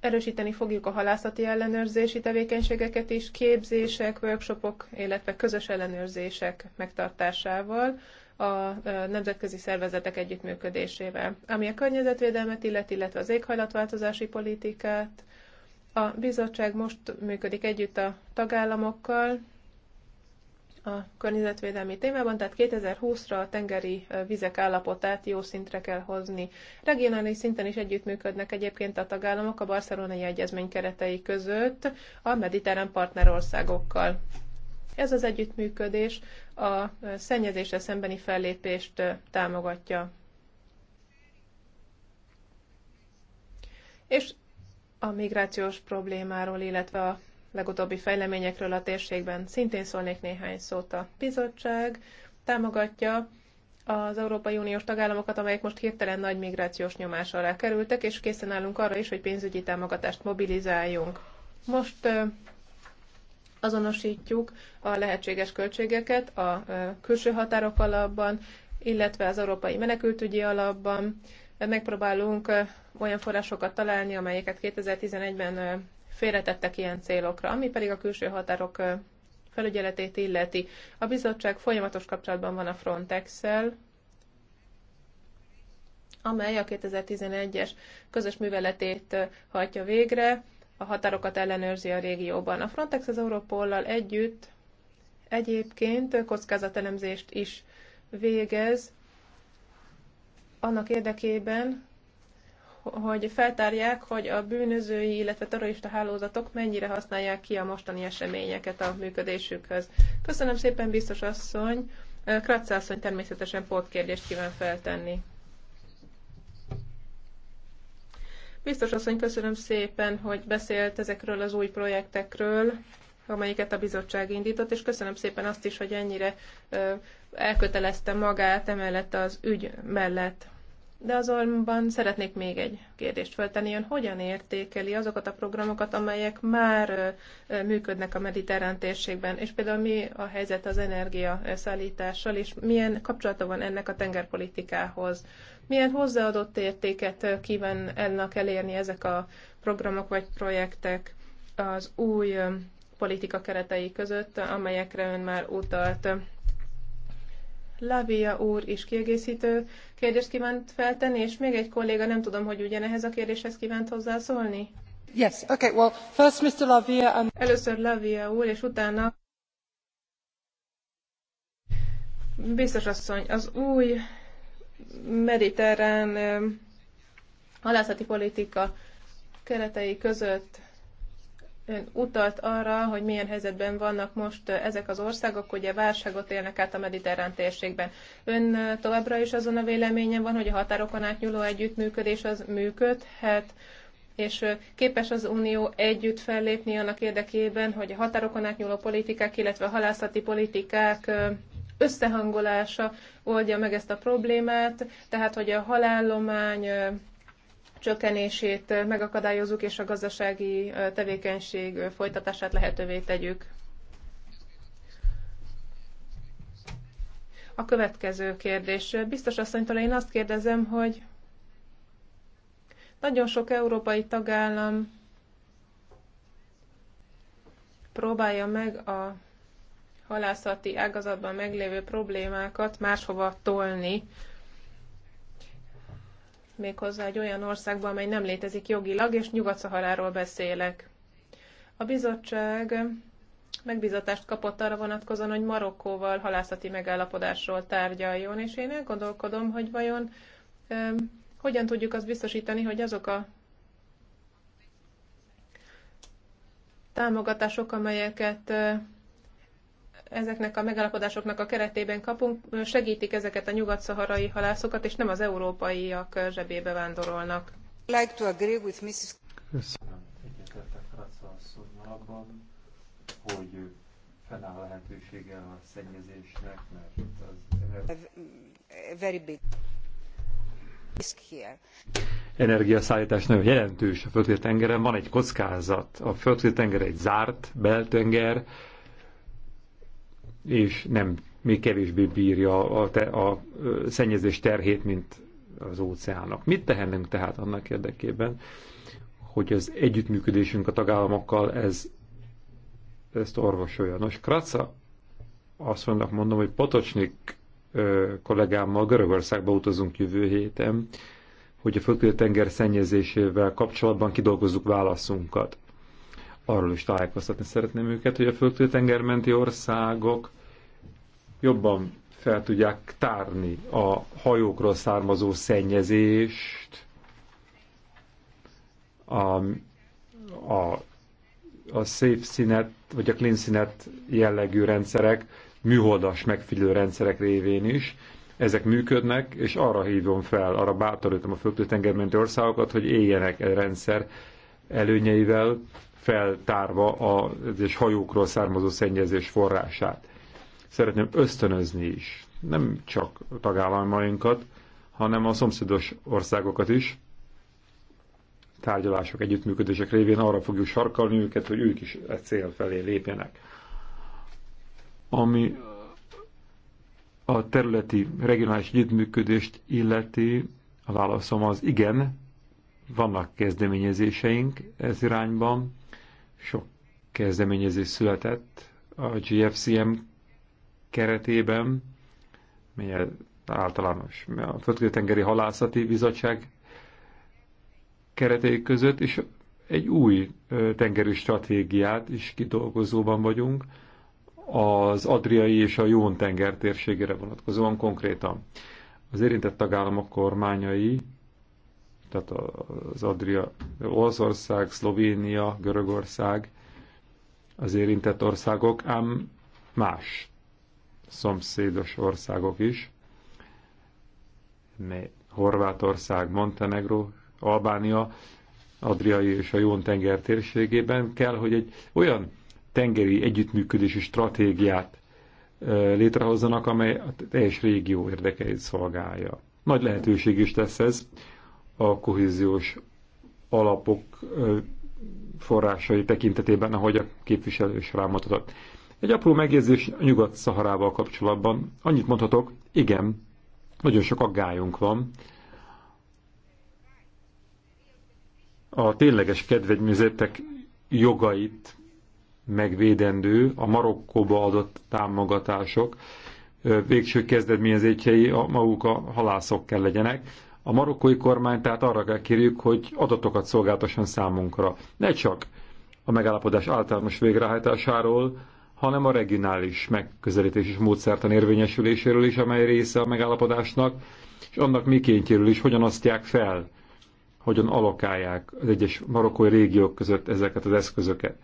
Erősíteni fogjuk a halászati ellenőrzési tevékenységeket is, képzések, workshopok, illetve közös ellenőrzések megtartásával, a e, nemzetközi szervezetek együttműködésével. Ami a környezetvédelmet illet, illetve az éghajlatváltozási politikát, a bizottság most működik együtt a tagállamokkal, a környezetvédelmi témában, tehát 2020-ra a tengeri vizek állapotát jó szintre kell hozni. Regionális szinten is együttműködnek egyébként a tagállamok a barcelonai egyezmény keretei között a mediterrán partnerországokkal. Ez az együttműködés a szennyezésre szembeni fellépést támogatja. És a migrációs problémáról, illetve a legutóbbi fejleményekről a térségben. Szintén szólnék néhány szót a bizottság. Támogatja az Európai Uniós tagállamokat, amelyek most hirtelen nagy migrációs nyomás alá kerültek, és készen állunk arra is, hogy pénzügyi támogatást mobilizáljunk. Most azonosítjuk a lehetséges költségeket a külső határok alapban, illetve az Európai Menekültügyi Alapban. Megpróbálunk olyan forrásokat találni, amelyeket 2011-ben félretettek ilyen célokra. Ami pedig a külső határok felügyeletét illeti. A bizottság folyamatos kapcsolatban van a Frontex-szel, amely a 2011-es közös műveletét hajtja végre, a határokat ellenőrzi a régióban. A Frontex az Európollal együtt egyébként kockázatelemzést is végez, annak érdekében, hogy feltárják, hogy a bűnözői, illetve terrorista hálózatok mennyire használják ki a mostani eseményeket a működésükhöz. Köszönöm szépen, biztos asszony. Kratza asszony természetesen pótkérdést kíván feltenni. Biztos asszony, köszönöm szépen, hogy beszélt ezekről az új projektekről, amelyiket a bizottság indított, és köszönöm szépen azt is, hogy ennyire elkötelezte magát emellett az ügy mellett. De azonban szeretnék még egy kérdést föltenni. Ön hogyan értékeli azokat a programokat, amelyek már működnek a mediterrán térségben? És például mi a helyzet az energia szállítással, és milyen kapcsolata van ennek a tengerpolitikához? Milyen hozzáadott értéket kíván ennek elérni ezek a programok vagy projektek az új politika keretei között, amelyekre ön már utalt? Lavia úr is kiegészítő kérdést kívánt feltenni, és még egy kolléga, nem tudom, hogy ugyanehhez a kérdéshez kívánt hozzászólni. Yes, okay, well, first Mr. Lavia and... Először Lavia úr, és utána Biztos asszony, az új mediterrán halászati politika keretei között Ön utalt arra, hogy milyen helyzetben vannak most ezek az országok, ugye válságot élnek át a mediterrán térségben. Ön továbbra is azon a véleményen van, hogy a határokon átnyúló együttműködés az működhet, és képes az Unió együtt fellépni annak érdekében, hogy a határokon átnyúló politikák, illetve a halászati politikák összehangolása oldja meg ezt a problémát, tehát hogy a halállomány csökkenését megakadályozzuk, és a gazdasági tevékenység folytatását lehetővé tegyük. A következő kérdés. Biztos asszonytól én azt kérdezem, hogy nagyon sok európai tagállam próbálja meg a halászati ágazatban meglévő problémákat máshova tolni, méghozzá egy olyan országba, amely nem létezik jogilag, és Nyugat-Szaharáról beszélek. A bizottság megbizatást kapott arra vonatkozóan, hogy Marokkóval halászati megállapodásról tárgyaljon, és én elgondolkodom, hogy vajon um, hogyan tudjuk azt biztosítani, hogy azok a támogatások, amelyeket ezeknek a megállapodásoknak a keretében kapunk, segítik ezeket a nyugat-szaharai halászokat, és nem az európaiak zsebébe vándorolnak. Like to agree with Mrs. Köszönöm. Egyetettek Kratza abban, hogy fennáll a lehetősége a szennyezésnek, mert az very big risk here. Energiaszállítás nagyon jelentős a földközi tengeren. Van egy kockázat. A földközi tenger egy zárt beltenger, és nem még kevésbé bírja a, te, a szennyezés terhét, mint az óceánok. Mit tehetünk tehát annak érdekében, hogy az együttműködésünk a tagállamokkal ez, ezt orvosolja? Nos, Kraca azt mondnak, mondom, hogy Potocsnik kollégámmal Görögországba utazunk jövő héten, hogy a földközi tenger szennyezésével kapcsolatban kidolgozzuk válaszunkat arról is találkoztatni szeretném őket, hogy a földtőtengermenti országok jobban fel tudják tárni a hajókról származó szennyezést, a, a, a szép színet, vagy a clean színet jellegű rendszerek, műholdas megfigyelő rendszerek révén is. Ezek működnek, és arra hívom fel, arra bátorítom a földtengermenti országokat, hogy éljenek egy rendszer előnyeivel, feltárva a és hajókról származó szennyezés forrását. Szeretném ösztönözni is, nem csak a tagállamainkat, hanem a szomszédos országokat is, tárgyalások, együttműködések révén arra fogjuk sarkalni őket, hogy ők is egy cél felé lépjenek. Ami a területi regionális együttműködést illeti, a válaszom az igen, vannak kezdeményezéseink ez irányban, sok kezdeményezés született a GFCM keretében, mely általános a Földközi-tengeri Halászati Bizottság keretei között, és egy új tengeri stratégiát is kidolgozóban vagyunk, az Adriai és a Jón tenger térségére vonatkozóan konkrétan. Az érintett tagállamok kormányai tehát az Adria, Olaszország, Szlovénia, Görögország, az érintett országok, ám más szomszédos országok is, Horvátország, Montenegro, Albánia, Adriai és a Jón tenger térségében kell, hogy egy olyan tengeri együttműködési stratégiát létrehozzanak, amely a teljes régió érdekeit szolgálja. Nagy lehetőség is tesz ez a kohéziós alapok forrásai tekintetében, ahogy a képviselő is rámutatott. Egy apró megjegyzés Nyugat-Szaharával kapcsolatban. Annyit mondhatok, igen, nagyon sok aggályunk van. A tényleges kedvegyműzetek jogait megvédendő, a Marokkóba adott támogatások végső kezdeményezétjei a maguk a halászok kell legyenek a marokkói kormány tehát arra kell kérjük, hogy adatokat szolgáltasson számunkra. Ne csak a megállapodás általános végrehajtásáról, hanem a regionális megközelítés és módszertan érvényesüléséről is, amely része a megállapodásnak, és annak mikéntjéről is, hogyan osztják fel, hogyan alokálják az egyes marokkói régiók között ezeket az eszközöket.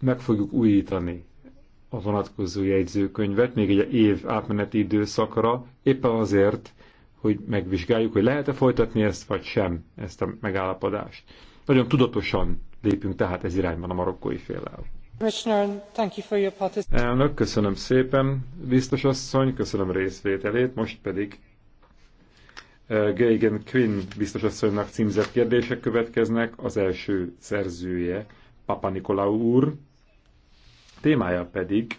Meg fogjuk újítani a vonatkozó jegyzőkönyvet még egy év átmeneti időszakra, éppen azért, hogy megvizsgáljuk, hogy lehet-e folytatni ezt, vagy sem, ezt a megállapodást. Nagyon tudatosan lépünk tehát ez irányban a marokkói félel. Elnök, köszönöm szépen, biztos asszony, köszönöm részvételét, most pedig uh, eh, Geigen Quinn biztos asszonynak címzett kérdések következnek, az első szerzője Papa Nikolau úr témája pedig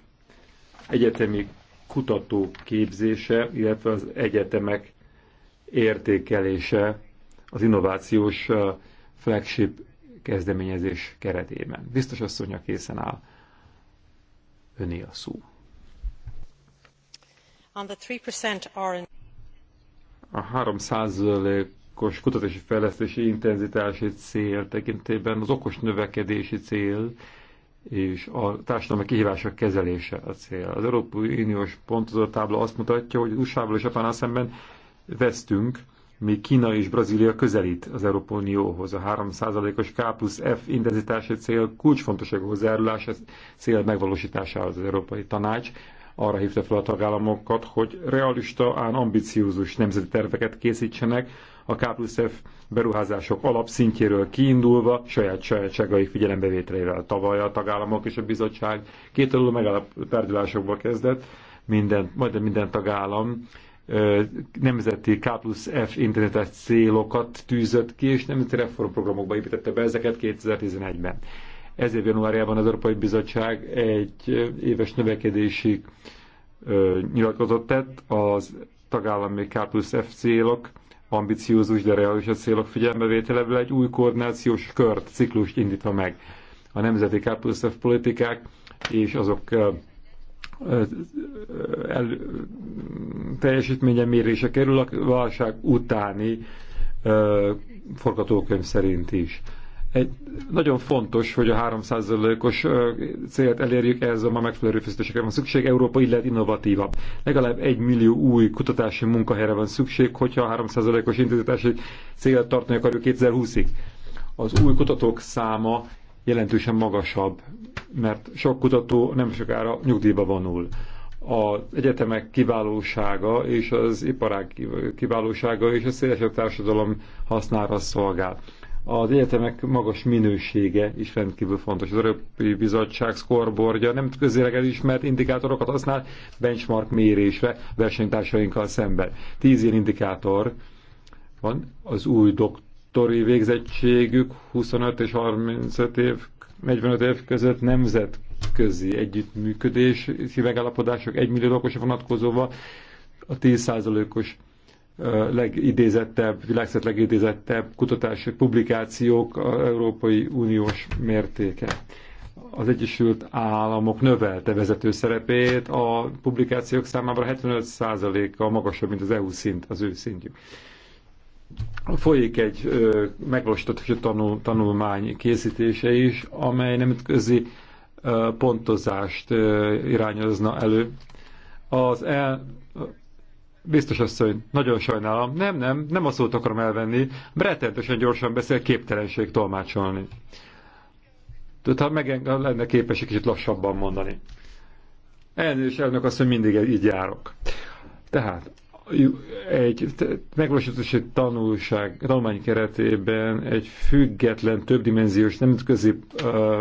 egyetemi kutató képzése, illetve az egyetemek értékelése az innovációs flagship kezdeményezés keretében. Biztos asszonya készen áll. Öné a szó. A 3%-os kutatási fejlesztési intenzitási cél tekintében az okos növekedési cél és a társadalmi kihívások kezelése a cél. Az Európai Uniós tábla azt mutatja, hogy az usa és Japánnal szemben vesztünk, míg Kína és Brazília közelít az Európai Unióhoz. A 3%-os K plusz F intenzitási cél kulcsfontosságú hozzájárulás a cél megvalósításához az Európai Tanács. Arra hívta fel a tagállamokat, hogy realista, ám ambiciózus nemzeti terveket készítsenek, a K plusz F beruházások alapszintjéről kiindulva saját sajátságai figyelembevételével tavaly a tagállamok és a bizottság két alul megállap kezdett, minden, majdnem minden tagállam nemzeti K plusz F internetes célokat tűzött ki, és nemzeti reformprogramokba építette be ezeket 2011-ben. Ezért januárjában az Európai Bizottság egy éves növekedési nyilatkozott tett az tagállami K plusz F célok ambiciózus, de reális célok figyelmevételevel egy új koordinációs kört, ciklust indítva meg a nemzeti káposztaf politikák és azok el, teljesítménye mérése kerül a válság utáni forgatókönyv szerint is. Egy, nagyon fontos, hogy a 3%-os célt elérjük, ehhez a megfelelő erőfeszítésekre van szükség. Európa így lehet innovatívabb. Legalább egy millió új kutatási munkahelyre van szükség, hogyha a 3%-os intézetési célt tartani akarjuk 2020-ig. Az új kutatók száma jelentősen magasabb, mert sok kutató nem sokára nyugdíjba vonul az egyetemek kiválósága és az iparág kiválósága és a szélesebb társadalom hasznára szolgál az egyetemek magas minősége is rendkívül fontos. Az Európai Bizottság szkorbordja nem közéleg ismert indikátorokat használ benchmark mérésre versenytársainkkal szemben. Tíz ilyen indikátor van, az új doktori végzettségük 25 és 35 év, 45 év között nemzetközi együttműködési megállapodások 1 millió lakosra vonatkozóval a 10 os Eh, legidézettebb, világszert legidézettebb kutatási publikációk az Európai Uniós mértéke. Az Egyesült Államok növelte vezető szerepét, a publikációk számában 75%-a magasabb, mint az EU szint, az ő szintjük. Folyik egy eh, megvalósított tanul, tanulmány készítése is, amely nemzetközi eh, pontozást irányozna elő. Az el, Biztos asszony, nagyon sajnálom. Nem, nem, nem a szót akarom elvenni. Rettentősen gyorsan beszél, képtelenség tolmácsolni. Tudod, ha meg lenne képes egy kicsit lassabban mondani. Elnős elnök azt, hogy mindig így járok. Tehát egy megvalósítási tanulság, tanulmány keretében egy független, többdimenziós, nemzetközi uh,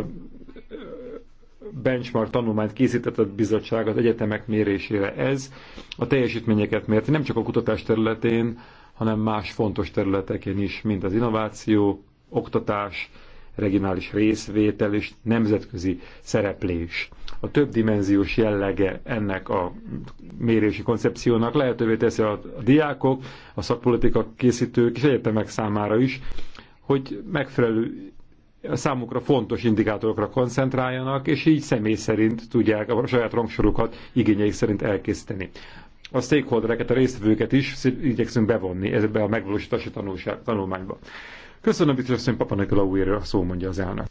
benchmark tanulmányt készített a bizottság az egyetemek mérésére. Ez a teljesítményeket mérti nem csak a kutatás területén, hanem más fontos területeken is, mint az innováció, oktatás, regionális részvétel és nemzetközi szereplés. A többdimenziós jellege ennek a mérési koncepciónak lehetővé teszi a diákok, a szakpolitika készítők és egyetemek számára is, hogy megfelelő a számukra fontos indikátorokra koncentráljanak, és így személy szerint tudják a saját rangsorukat igényeik szerint elkészíteni. A stakeholdereket, a résztvevőket is igyekszünk bevonni ebbe a megvalósítási tanulság, tanulmányba. Köszönöm, biztos asszony, Papa Nikolau újra szó mondja az elnök.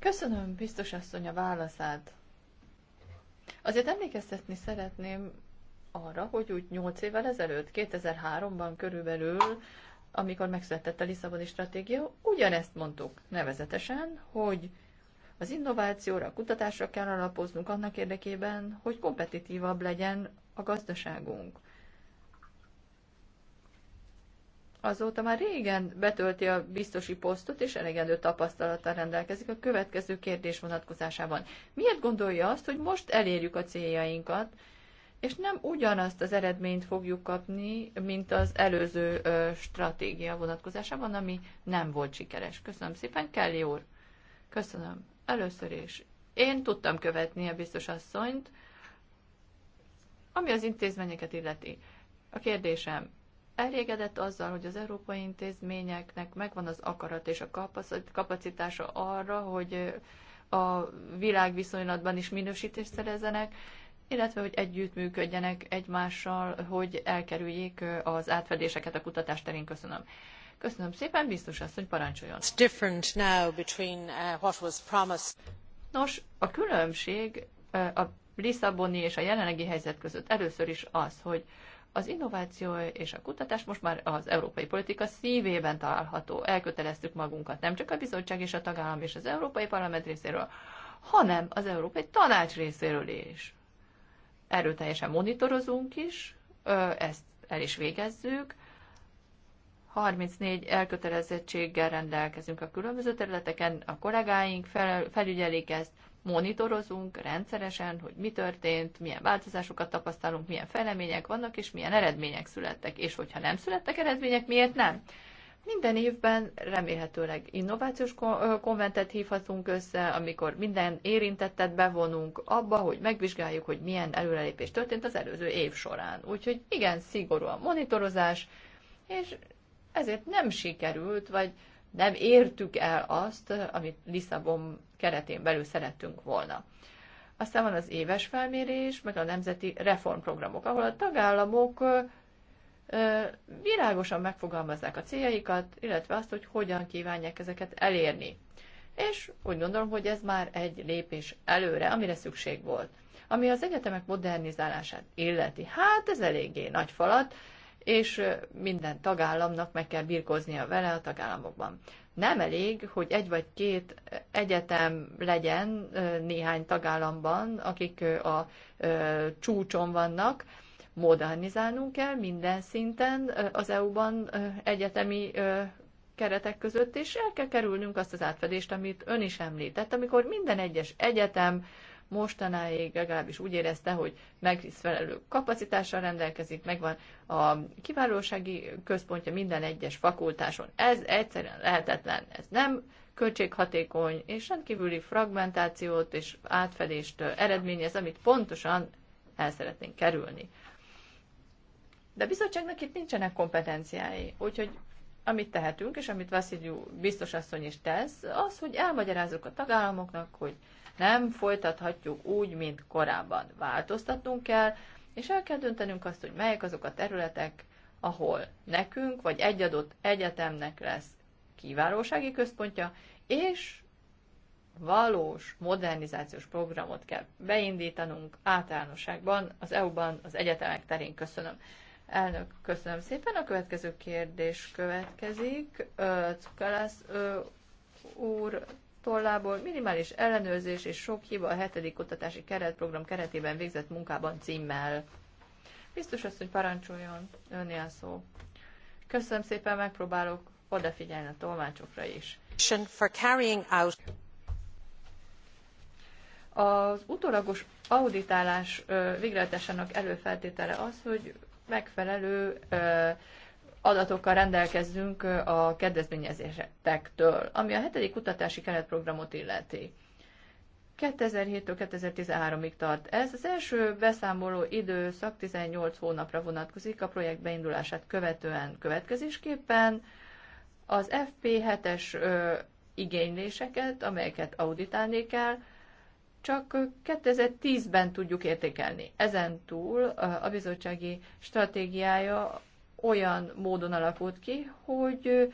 Köszönöm, biztos asszony, a válaszát. Azért emlékeztetni szeretném arra, hogy úgy 8 évvel ezelőtt, 2003-ban körülbelül amikor megszületett a Lisszaboni stratégia, ugyanezt mondtuk nevezetesen, hogy az innovációra, a kutatásra kell alapoznunk annak érdekében, hogy kompetitívabb legyen a gazdaságunk. Azóta már régen betölti a biztosi posztot, és elegendő tapasztalattal rendelkezik a következő kérdés vonatkozásában. Miért gondolja azt, hogy most elérjük a céljainkat, és nem ugyanazt az eredményt fogjuk kapni, mint az előző ö, stratégia vonatkozásában, ami nem volt sikeres. Köszönöm szépen, Kelly úr. Köszönöm. Először is. Én tudtam követni a biztos asszonyt, ami az intézményeket illeti. A kérdésem, elégedett azzal, hogy az európai intézményeknek megvan az akarat és a kapacitása arra, hogy a világviszonylatban is minősítést szerezzenek, illetve hogy együttműködjenek egymással, hogy elkerüljék az átfedéseket a kutatás terén. Köszönöm. Köszönöm szépen, biztos asszony, parancsoljon. Uh, Nos, a különbség a Lisszaboni és a jelenlegi helyzet között először is az, hogy az innováció és a kutatás most már az európai politika szívében található. Elköteleztük magunkat nem csak a bizottság és a tagállam és az Európai Parlament részéről, hanem az Európai Tanács részéről is erőteljesen monitorozunk is, ezt el is végezzük. 34 elkötelezettséggel rendelkezünk a különböző területeken, a kollégáink fel, felügyelik ezt, monitorozunk rendszeresen, hogy mi történt, milyen változásokat tapasztalunk, milyen felemények vannak, és milyen eredmények születtek. És hogyha nem születtek eredmények, miért nem? Minden évben remélhetőleg innovációs konventet hívhatunk össze, amikor minden érintettet bevonunk abba, hogy megvizsgáljuk, hogy milyen előrelépés történt az előző év során. Úgyhogy igen, szigorú a monitorozás, és ezért nem sikerült, vagy nem értük el azt, amit Lisszabon keretén belül szerettünk volna. Aztán van az éves felmérés, meg a nemzeti reformprogramok, ahol a tagállamok világosan megfogalmazzák a céljaikat, illetve azt, hogy hogyan kívánják ezeket elérni. És úgy gondolom, hogy ez már egy lépés előre, amire szükség volt. Ami az egyetemek modernizálását illeti, hát ez eléggé nagy falat, és minden tagállamnak meg kell birkoznia vele a tagállamokban. Nem elég, hogy egy vagy két egyetem legyen néhány tagállamban, akik a csúcson vannak, modernizálnunk kell minden szinten az EU-ban egyetemi keretek között, és el kell kerülnünk azt az átfedést, amit ön is említett, amikor minden egyes egyetem mostanáig legalábbis úgy érezte, hogy megfelelő kapacitással rendelkezik, megvan a kiválósági központja minden egyes fakultáson. Ez egyszerűen lehetetlen, ez nem költséghatékony, és rendkívüli fragmentációt és átfedést eredményez, amit pontosan el szeretnénk kerülni. De a bizottságnak itt nincsenek kompetenciái, úgyhogy amit tehetünk, és amit Vasszidjú biztos asszony is tesz, az, hogy elmagyarázzuk a tagállamoknak, hogy nem folytathatjuk úgy, mint korábban. Változtatnunk kell, és el kell döntenünk azt, hogy melyek azok a területek, ahol nekünk, vagy egy adott egyetemnek lesz kiválósági központja, és valós modernizációs programot kell beindítanunk általánosságban az EU-ban az egyetemek terén. Köszönöm. Elnök, köszönöm szépen. A következő kérdés következik. Cukalász úr tollából minimális ellenőrzés és sok hiba a hetedik kutatási keretprogram keretében végzett munkában címmel. Biztos azt, hogy parancsoljon, önni a szó. Köszönöm szépen, megpróbálok odafigyelni a tolmácsokra is. For carrying out. Az utolagos auditálás végrehajtásának előfeltétele az, hogy megfelelő adatokkal rendelkezzünk a kedvezményezettektől, ami a hetedik kutatási keretprogramot illeti. 2007-től 2013-ig tart ez. Az első beszámoló időszak 18 hónapra vonatkozik a projekt beindulását követően következésképpen. Az FP7-es igényléseket, amelyeket auditálni kell, csak 2010-ben tudjuk értékelni. Ezen túl a bizottsági stratégiája olyan módon alakult ki, hogy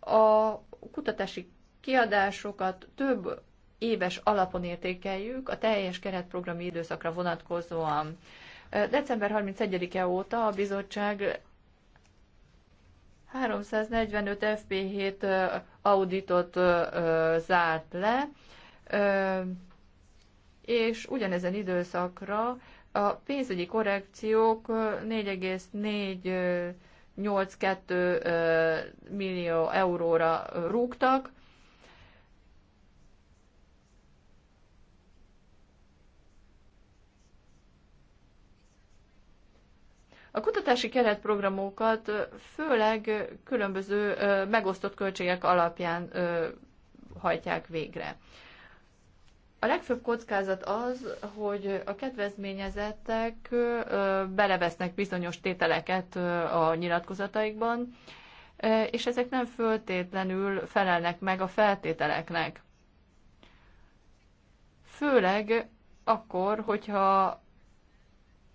a kutatási kiadásokat több éves alapon értékeljük a teljes keretprogrami időszakra vonatkozóan. December 31-e óta a bizottság 345 FP7 auditot zárt le, és ugyanezen időszakra a pénzügyi korrekciók 4,482 millió euróra rúgtak, A kutatási keretprogramokat főleg különböző megosztott költségek alapján hajtják végre. A legfőbb kockázat az, hogy a kedvezményezettek belevesznek bizonyos tételeket a nyilatkozataikban, és ezek nem föltétlenül felelnek meg a feltételeknek. Főleg akkor, hogyha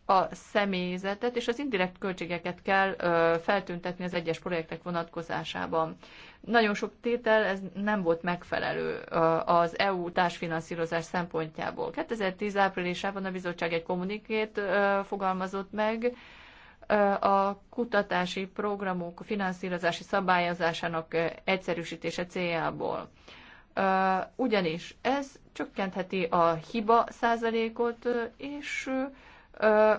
a személyzetet és az indirekt költségeket kell ö, feltüntetni az egyes projektek vonatkozásában. Nagyon sok tétel ez nem volt megfelelő ö, az EU társfinanszírozás szempontjából. 2010 áprilisában a bizottság egy kommunikét ö, fogalmazott meg, a kutatási programok finanszírozási szabályozásának egyszerűsítése céljából. Ugyanis ez csökkentheti a hiba százalékot, és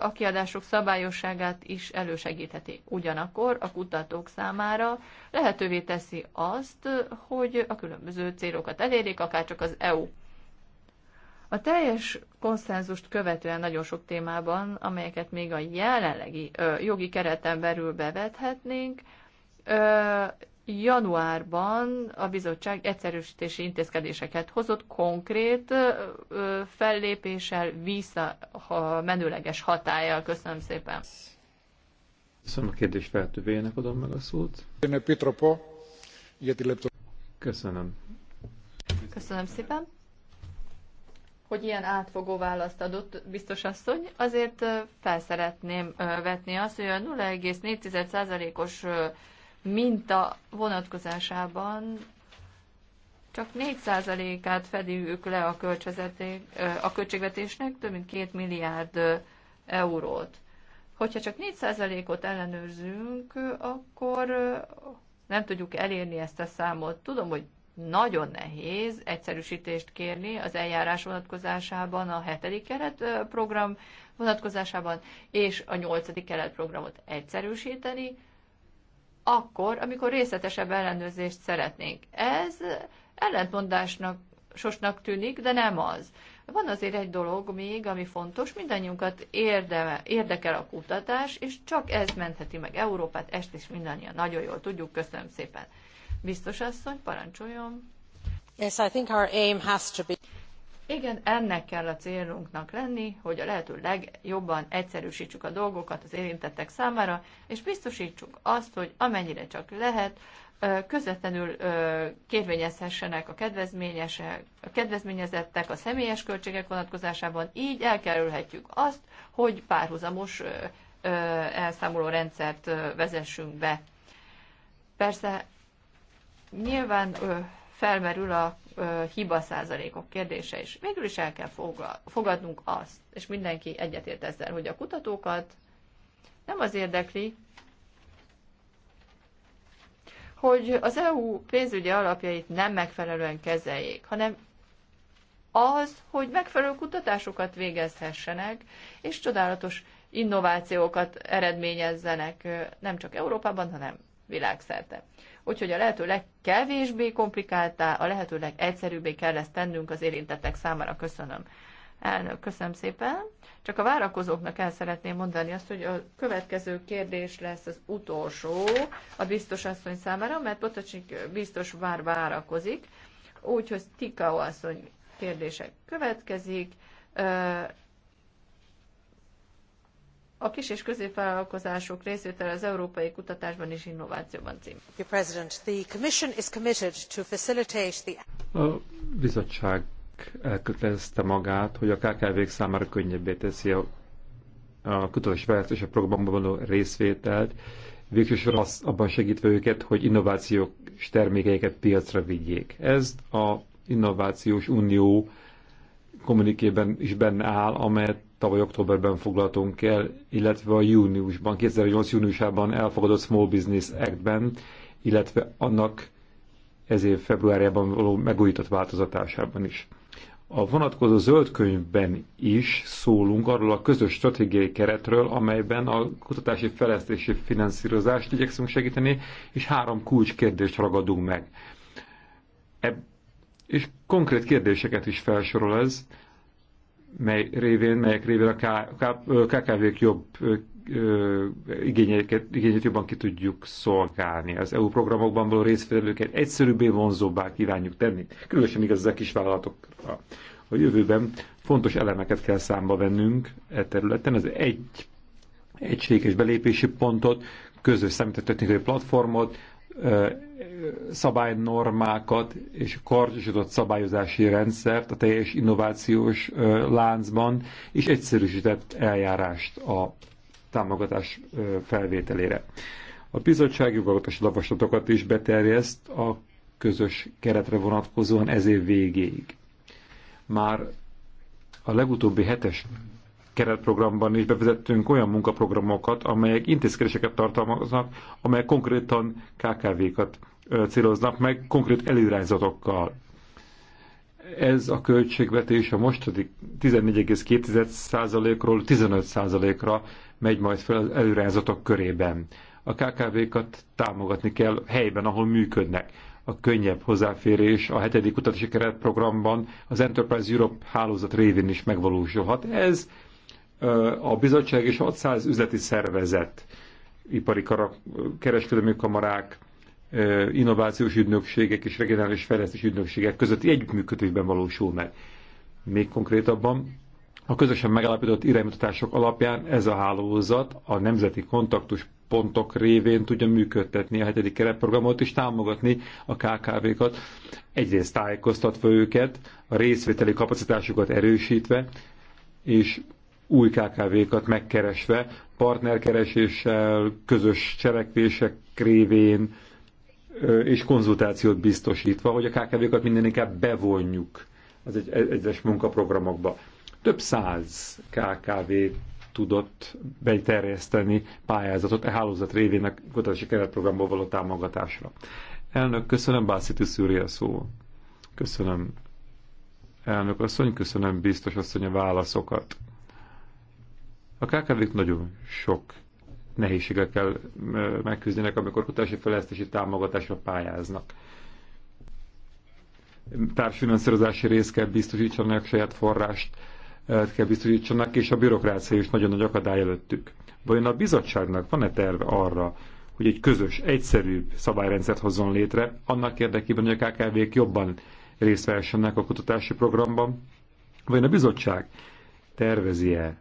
a kiadások szabályosságát is elősegítheti. Ugyanakkor a kutatók számára lehetővé teszi azt, hogy a különböző célokat elérjék, akár csak az EU. A teljes konszenzust követően nagyon sok témában, amelyeket még a jelenlegi jogi kereten belül bevethetnénk, januárban a bizottság egyszerűsítési intézkedéseket hozott konkrét fellépéssel, vissza ha menőleges hatállyal. Köszönöm szépen. Köszönöm a kérdés feltövőjének adom meg a szót. Köszönöm. Köszönöm szépen hogy ilyen átfogó választ adott biztos asszony, azért felszeretném vetni azt, hogy a 0,4%-os minta vonatkozásában csak 4%-át fedjük le a, a költségvetésnek, több mint 2 milliárd eurót. Hogyha csak 4%-ot ellenőrzünk, akkor nem tudjuk elérni ezt a számot. Tudom, hogy nagyon nehéz egyszerűsítést kérni az eljárás vonatkozásában, a hetedik keretprogram vonatkozásában, és a nyolcadik keretprogramot egyszerűsíteni, akkor, amikor részletesebb ellenőrzést szeretnénk. Ez ellentmondásnak sosnak tűnik, de nem az. Van azért egy dolog még, ami fontos, mindannyiunkat érdeme, érdekel a kutatás, és csak ez mentheti meg Európát, ezt is mindannyian nagyon jól tudjuk, köszönöm szépen. Biztos asszony, parancsoljon. Yes, I think our aim has to be... Igen, ennek kell a célunknak lenni, hogy a lehető legjobban egyszerűsítsük a dolgokat az érintettek számára, és biztosítsuk azt, hogy amennyire csak lehet, közvetlenül kérvényezhessenek a, kedvezményesek, a kedvezményezettek a személyes költségek vonatkozásában, így elkerülhetjük azt, hogy párhuzamos elszámoló rendszert vezessünk be. Persze nyilván felmerül a hiba százalékok kérdése is. Végül is el kell fogadnunk azt, és mindenki egyetért ezzel, hogy a kutatókat nem az érdekli, hogy az EU pénzügyi alapjait nem megfelelően kezeljék, hanem az, hogy megfelelő kutatásokat végezhessenek, és csodálatos innovációkat eredményezzenek nem csak Európában, hanem világszerte. Úgyhogy a lehető legkevésbé komplikáltá, a lehető legegyszerűbbé kell ezt tennünk az érintettek számára. Köszönöm. Elnök, köszönöm szépen. Csak a várakozóknak el szeretném mondani azt, hogy a következő kérdés lesz az utolsó a biztos asszony számára, mert Potocsik biztos vár várakozik. Úgyhogy Tikao asszony kérdések következik a kis és középvállalkozások részvétele az európai kutatásban és innovációban cím. A bizottság elkötelezte magát, hogy a KKV-k számára könnyebbé teszi a, a fejlesztés a programban való részvételt, végsősorban az, abban segítve őket, hogy innovációs termékeiket piacra vigyék. Ez a Innovációs Unió kommunikében is benne áll, amelyet tavaly októberben foglaltunk el, illetve a júniusban, 2008 júniusában elfogadott Small Business Act-ben, illetve annak ez év februárjában való megújított változatásában is. A vonatkozó zöld könyvben is szólunk arról a közös stratégiai keretről, amelyben a kutatási fejlesztési finanszírozást igyekszünk segíteni, és három kulcskérdést ragadunk meg. Ebb és konkrét kérdéseket is felsorol ez, mely révén, melyek révén a KKV-k jobb igényeket, jobban ki tudjuk szolgálni. Az EU programokban való részvételőket egyszerűbbé, vonzóbbá kívánjuk tenni. Különösen igaz ezek kis vállalatok A jövőben fontos elemeket kell számba vennünk e területen. Az egy egységes belépési pontot, közös számítástechnikai platformot, szabálynormákat és kardosított szabályozási rendszert a teljes innovációs láncban, és egyszerűsített eljárást a támogatás felvételére. A bizottság jogalkotási javaslatokat is beterjeszt a közös keretre vonatkozóan ez év végéig. Már a legutóbbi hetes keretprogramban is bevezettünk olyan munkaprogramokat, amelyek intézkedéseket tartalmaznak, amelyek konkrétan KKV-kat céloznak meg, konkrét előrányzatokkal. Ez a költségvetés a mostani 14,2%-ról 15%-ra megy majd fel az előrányzatok körében. A KKV-kat támogatni kell helyben, ahol működnek a könnyebb hozzáférés a hetedik kutatási keretprogramban az Enterprise Europe hálózat révén is megvalósulhat. Ez a bizottság és 600 üzleti szervezet, ipari karak, kereskedelmi kamarák, innovációs ügynökségek és regionális fejlesztési ügynökségek közötti együttműködésben valósul meg. Még konkrétabban, a közösen megállapított iránymutatások alapján ez a hálózat a nemzeti kontaktus pontok révén tudja működtetni a hetedik keretprogramot és támogatni a KKV-kat, egyrészt tájékoztatva őket, a részvételi kapacitásukat erősítve, és új KKV-kat megkeresve, partnerkereséssel, közös cselekvések révén és konzultációt biztosítva, hogy a KKV-kat minden inkább bevonjuk az egy, egyes munkaprogramokba. Több száz KKV tudott beterjeszteni pályázatot a e hálózat révén a kutatási keretprogramból való támogatásra. Elnök, köszönöm, Bászitű Szűri a szó. Köszönöm, elnök asszony, köszönöm biztos asszony a válaszokat. A kkv nagyon sok nehézségekkel megküzdenek, amikor kutatási fejlesztési támogatásra pályáznak. Társfinanszírozási részt kell biztosítsanak, saját forrást kell biztosítsanak, és a bürokrácia is nagyon nagy akadály előttük. Vajon a bizottságnak van-e terve arra, hogy egy közös, egyszerűbb szabályrendszert hozzon létre, annak érdekében, hogy a KKV-k jobban részt vehessenek a kutatási programban? Vajon a bizottság tervezi-e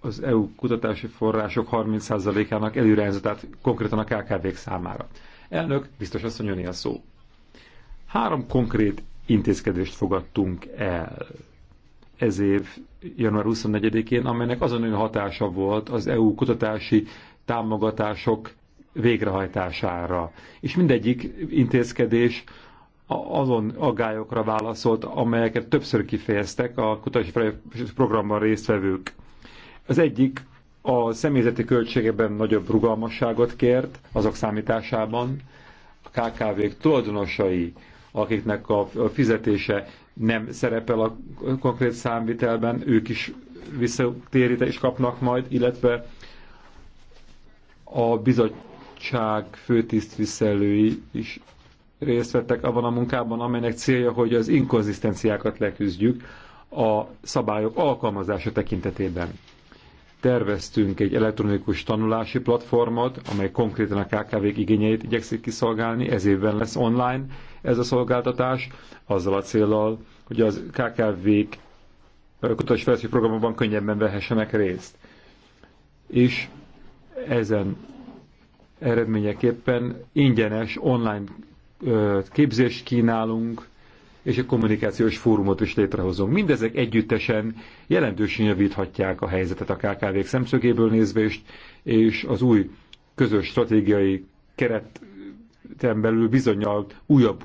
az EU kutatási források 30%-ának előrejelzetet konkrétan a KKV-k számára. Elnök, biztos asszony, jönni a szó. Három konkrét intézkedést fogadtunk el ez év január 24-én, amelynek azon olyan hatása volt az EU kutatási támogatások végrehajtására. És mindegyik intézkedés azon aggályokra válaszolt, amelyeket többször kifejeztek a kutatási programban résztvevők az egyik a személyzeti költségeben nagyobb rugalmasságot kért azok számításában, a KKV-k tulajdonosai, akiknek a fizetése nem szerepel a konkrét számvitelben, ők is visszatérítést kapnak majd, illetve a bizottság főtisztviselői is részt vettek abban a munkában, amelynek célja, hogy az inkonzisztenciákat leküzdjük a szabályok alkalmazása tekintetében terveztünk egy elektronikus tanulási platformot, amely konkrétan a KKV-k igényeit igyekszik kiszolgálni, ez évben lesz online ez a szolgáltatás, azzal a célral, hogy az KKV-k kutatási programokban könnyebben vehessenek részt. És ezen eredményeképpen ingyenes online képzést kínálunk, és egy kommunikációs fórumot is létrehozunk. Mindezek együttesen jelentősen javíthatják a helyzetet a KKV-k szemszögéből nézve, és, és az új közös stratégiai kereten belül bizonyal újabb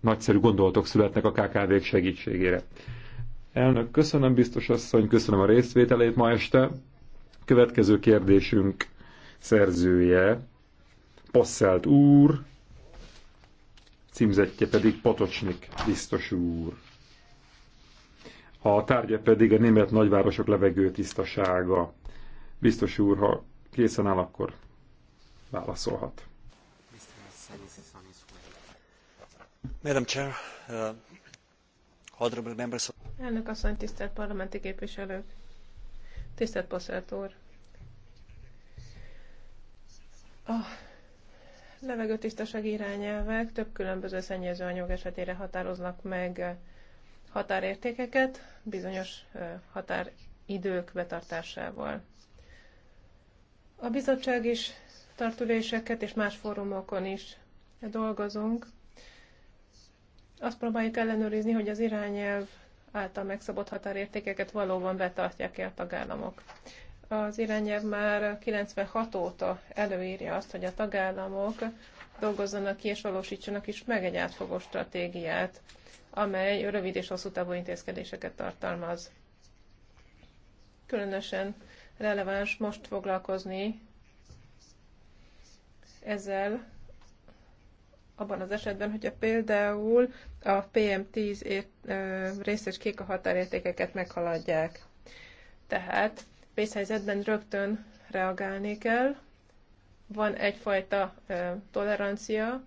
nagyszerű gondolatok születnek a KKV-k segítségére. Elnök, köszönöm biztos asszony, köszönöm a részvételét ma este. Következő kérdésünk szerzője, Passzelt úr, Címzettje pedig Patocsnik biztos úr. A tárgya pedig a német nagyvárosok levegő tisztasága. Biztos úr, ha készen áll, akkor válaszolhat. Madam Chair, uh, honorable members of... Elnök asszony, tisztelt parlamenti képviselők, tisztelt passzert úr levegőtisztaság irányelvek több különböző szennyezőanyag esetére határoznak meg határértékeket bizonyos határidők betartásával. A bizottság is tartuléseket és más fórumokon is dolgozunk. Azt próbáljuk ellenőrizni, hogy az irányelv által megszabott határértékeket valóban betartják-e a tagállamok az irányelv már 96 óta előírja azt, hogy a tagállamok dolgozzanak ki és valósítsanak is meg egy átfogó stratégiát, amely rövid és hosszú távú intézkedéseket tartalmaz. Különösen releváns most foglalkozni ezzel abban az esetben, hogyha például a PM10 részes kék a határértékeket meghaladják. Tehát vészhelyzetben rögtön reagálni kell. Van egyfajta tolerancia,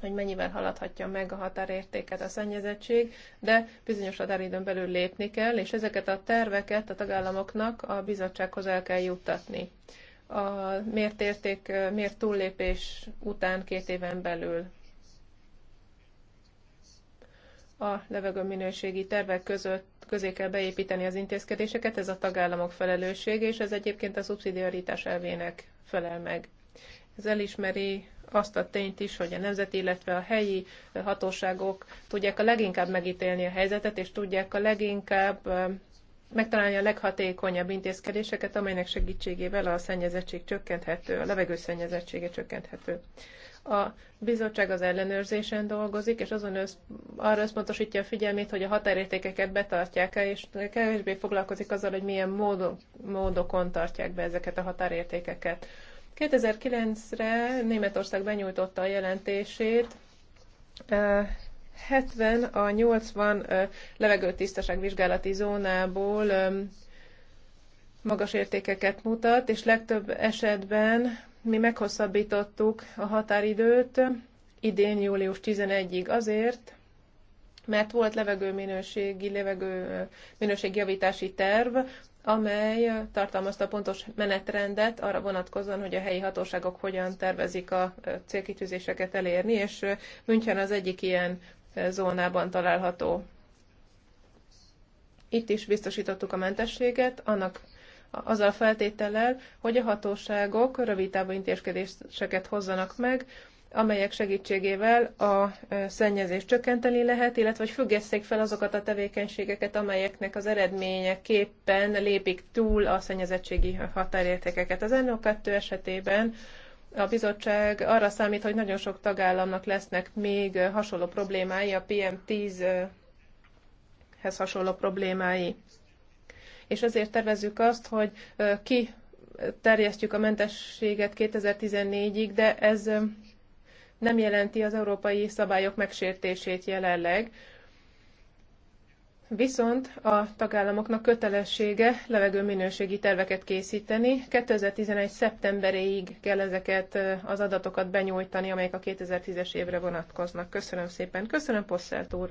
hogy mennyivel haladhatja meg a határértéket a szennyezettség, de bizonyos határidőn belül lépni kell, és ezeket a terveket a tagállamoknak a bizottsághoz el kell juttatni. A mért érték, mért túllépés után két éven belül a levegőminőségi tervek között közé kell beépíteni az intézkedéseket, ez a tagállamok felelőssége, és ez egyébként a szubszidiaritás elvének felel meg. Ez elismeri azt a tényt is, hogy a nemzeti, illetve a helyi hatóságok tudják a leginkább megítélni a helyzetet, és tudják a leginkább megtalálni a leghatékonyabb intézkedéseket, amelynek segítségével a szennyezettség csökkenthető, a levegőszennyezettsége csökkenthető. A bizottság az ellenőrzésen dolgozik, és azon össz, arra összpontosítja a figyelmét, hogy a határértékeket betartják-e, és kevésbé foglalkozik azzal, hogy milyen módok, módokon tartják be ezeket a határértékeket. 2009-re Németország benyújtotta a jelentését, 70 a 80 levegőtisztaság vizsgálati zónából magas értékeket mutat, és legtöbb esetben mi meghosszabbítottuk a határidőt idén július 11-ig azért, mert volt levegőminőségi, levegő minőségjavítási terv, amely tartalmazta pontos menetrendet arra vonatkozóan, hogy a helyi hatóságok hogyan tervezik a célkitűzéseket elérni, és München az egyik ilyen zónában található. Itt is biztosítottuk a mentességet, annak azzal a feltétellel, hogy a hatóságok rövidtávú intézkedéseket hozzanak meg, amelyek segítségével a szennyezést csökkenteni lehet, illetve hogy függesszék fel azokat a tevékenységeket, amelyeknek az eredményeképpen lépik túl a szennyezettségi határértékeket. Az NO2 esetében a bizottság arra számít, hogy nagyon sok tagállamnak lesznek még hasonló problémái, a PM10-hez hasonló problémái és ezért tervezzük azt, hogy ki terjesztjük a mentességet 2014-ig, de ez nem jelenti az európai szabályok megsértését jelenleg. Viszont a tagállamoknak kötelessége levegőminőségi terveket készíteni. 2011. szeptemberéig kell ezeket az adatokat benyújtani, amelyek a 2010-es évre vonatkoznak. Köszönöm szépen. Köszönöm, Posselt úr.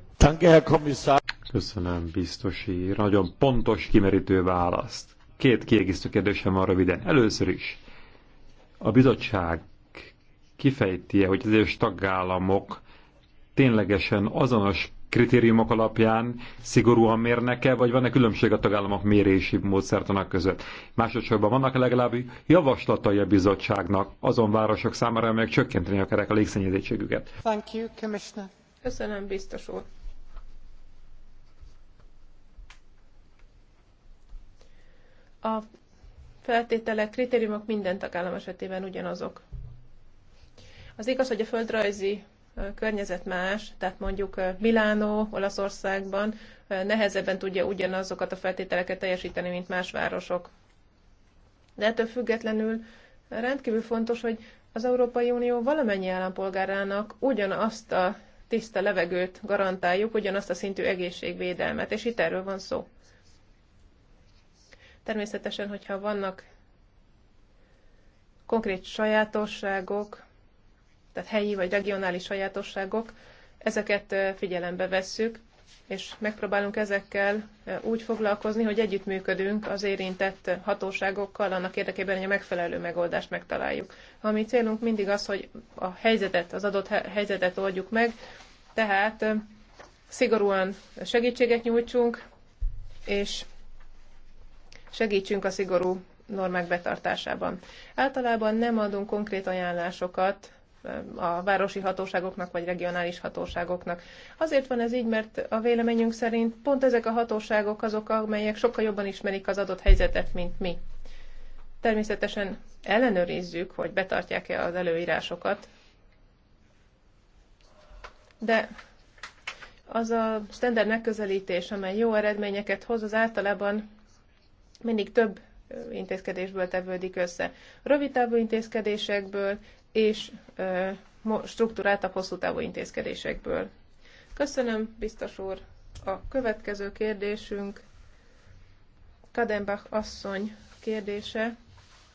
Köszönöm, biztosi. Nagyon pontos, kimerítő választ. Két kiegészítő kérdésem van röviden. Először is, a bizottság kifejti -e, hogy az egyes tagállamok ténylegesen azonos kritériumok alapján szigorúan mérnek-e, vagy van-e különbség a tagállamok mérési módszertanak között? Másodszorban vannak -e legalább javaslatai a bizottságnak azon városok számára, amelyek csökkenteni akarják a légszennyezettségüket? Thank you, Commissioner. Köszönöm, biztos úr. A feltételek, kritériumok minden tagállam esetében ugyanazok. Az igaz, hogy a földrajzi környezet más, tehát mondjuk Milánó, Olaszországban nehezebben tudja ugyanazokat a feltételeket teljesíteni, mint más városok. De ettől függetlenül rendkívül fontos, hogy az Európai Unió valamennyi állampolgárának ugyanazt a tiszta levegőt garantáljuk, ugyanazt a szintű egészségvédelmet, és itt erről van szó. Természetesen, hogyha vannak konkrét sajátosságok, tehát helyi vagy regionális sajátosságok, ezeket figyelembe vesszük, és megpróbálunk ezekkel úgy foglalkozni, hogy együttműködünk az érintett hatóságokkal annak érdekében, hogy a megfelelő megoldást megtaláljuk. A mi célunk mindig az, hogy a helyzetet, az adott helyzetet oldjuk meg, tehát szigorúan segítséget nyújtsunk, és segítsünk a szigorú normák betartásában. Általában nem adunk konkrét ajánlásokat a városi hatóságoknak vagy regionális hatóságoknak. Azért van ez így, mert a véleményünk szerint pont ezek a hatóságok azok, amelyek sokkal jobban ismerik az adott helyzetet, mint mi. Természetesen ellenőrizzük, hogy betartják-e az előírásokat, de az a standard megközelítés, amely jó eredményeket hoz, az általában mindig több intézkedésből tevődik össze. Rövid távú intézkedésekből, és struktúráltabb hosszú távú intézkedésekből. Köszönöm, biztos úr. A következő kérdésünk Kadenbach asszony kérdése,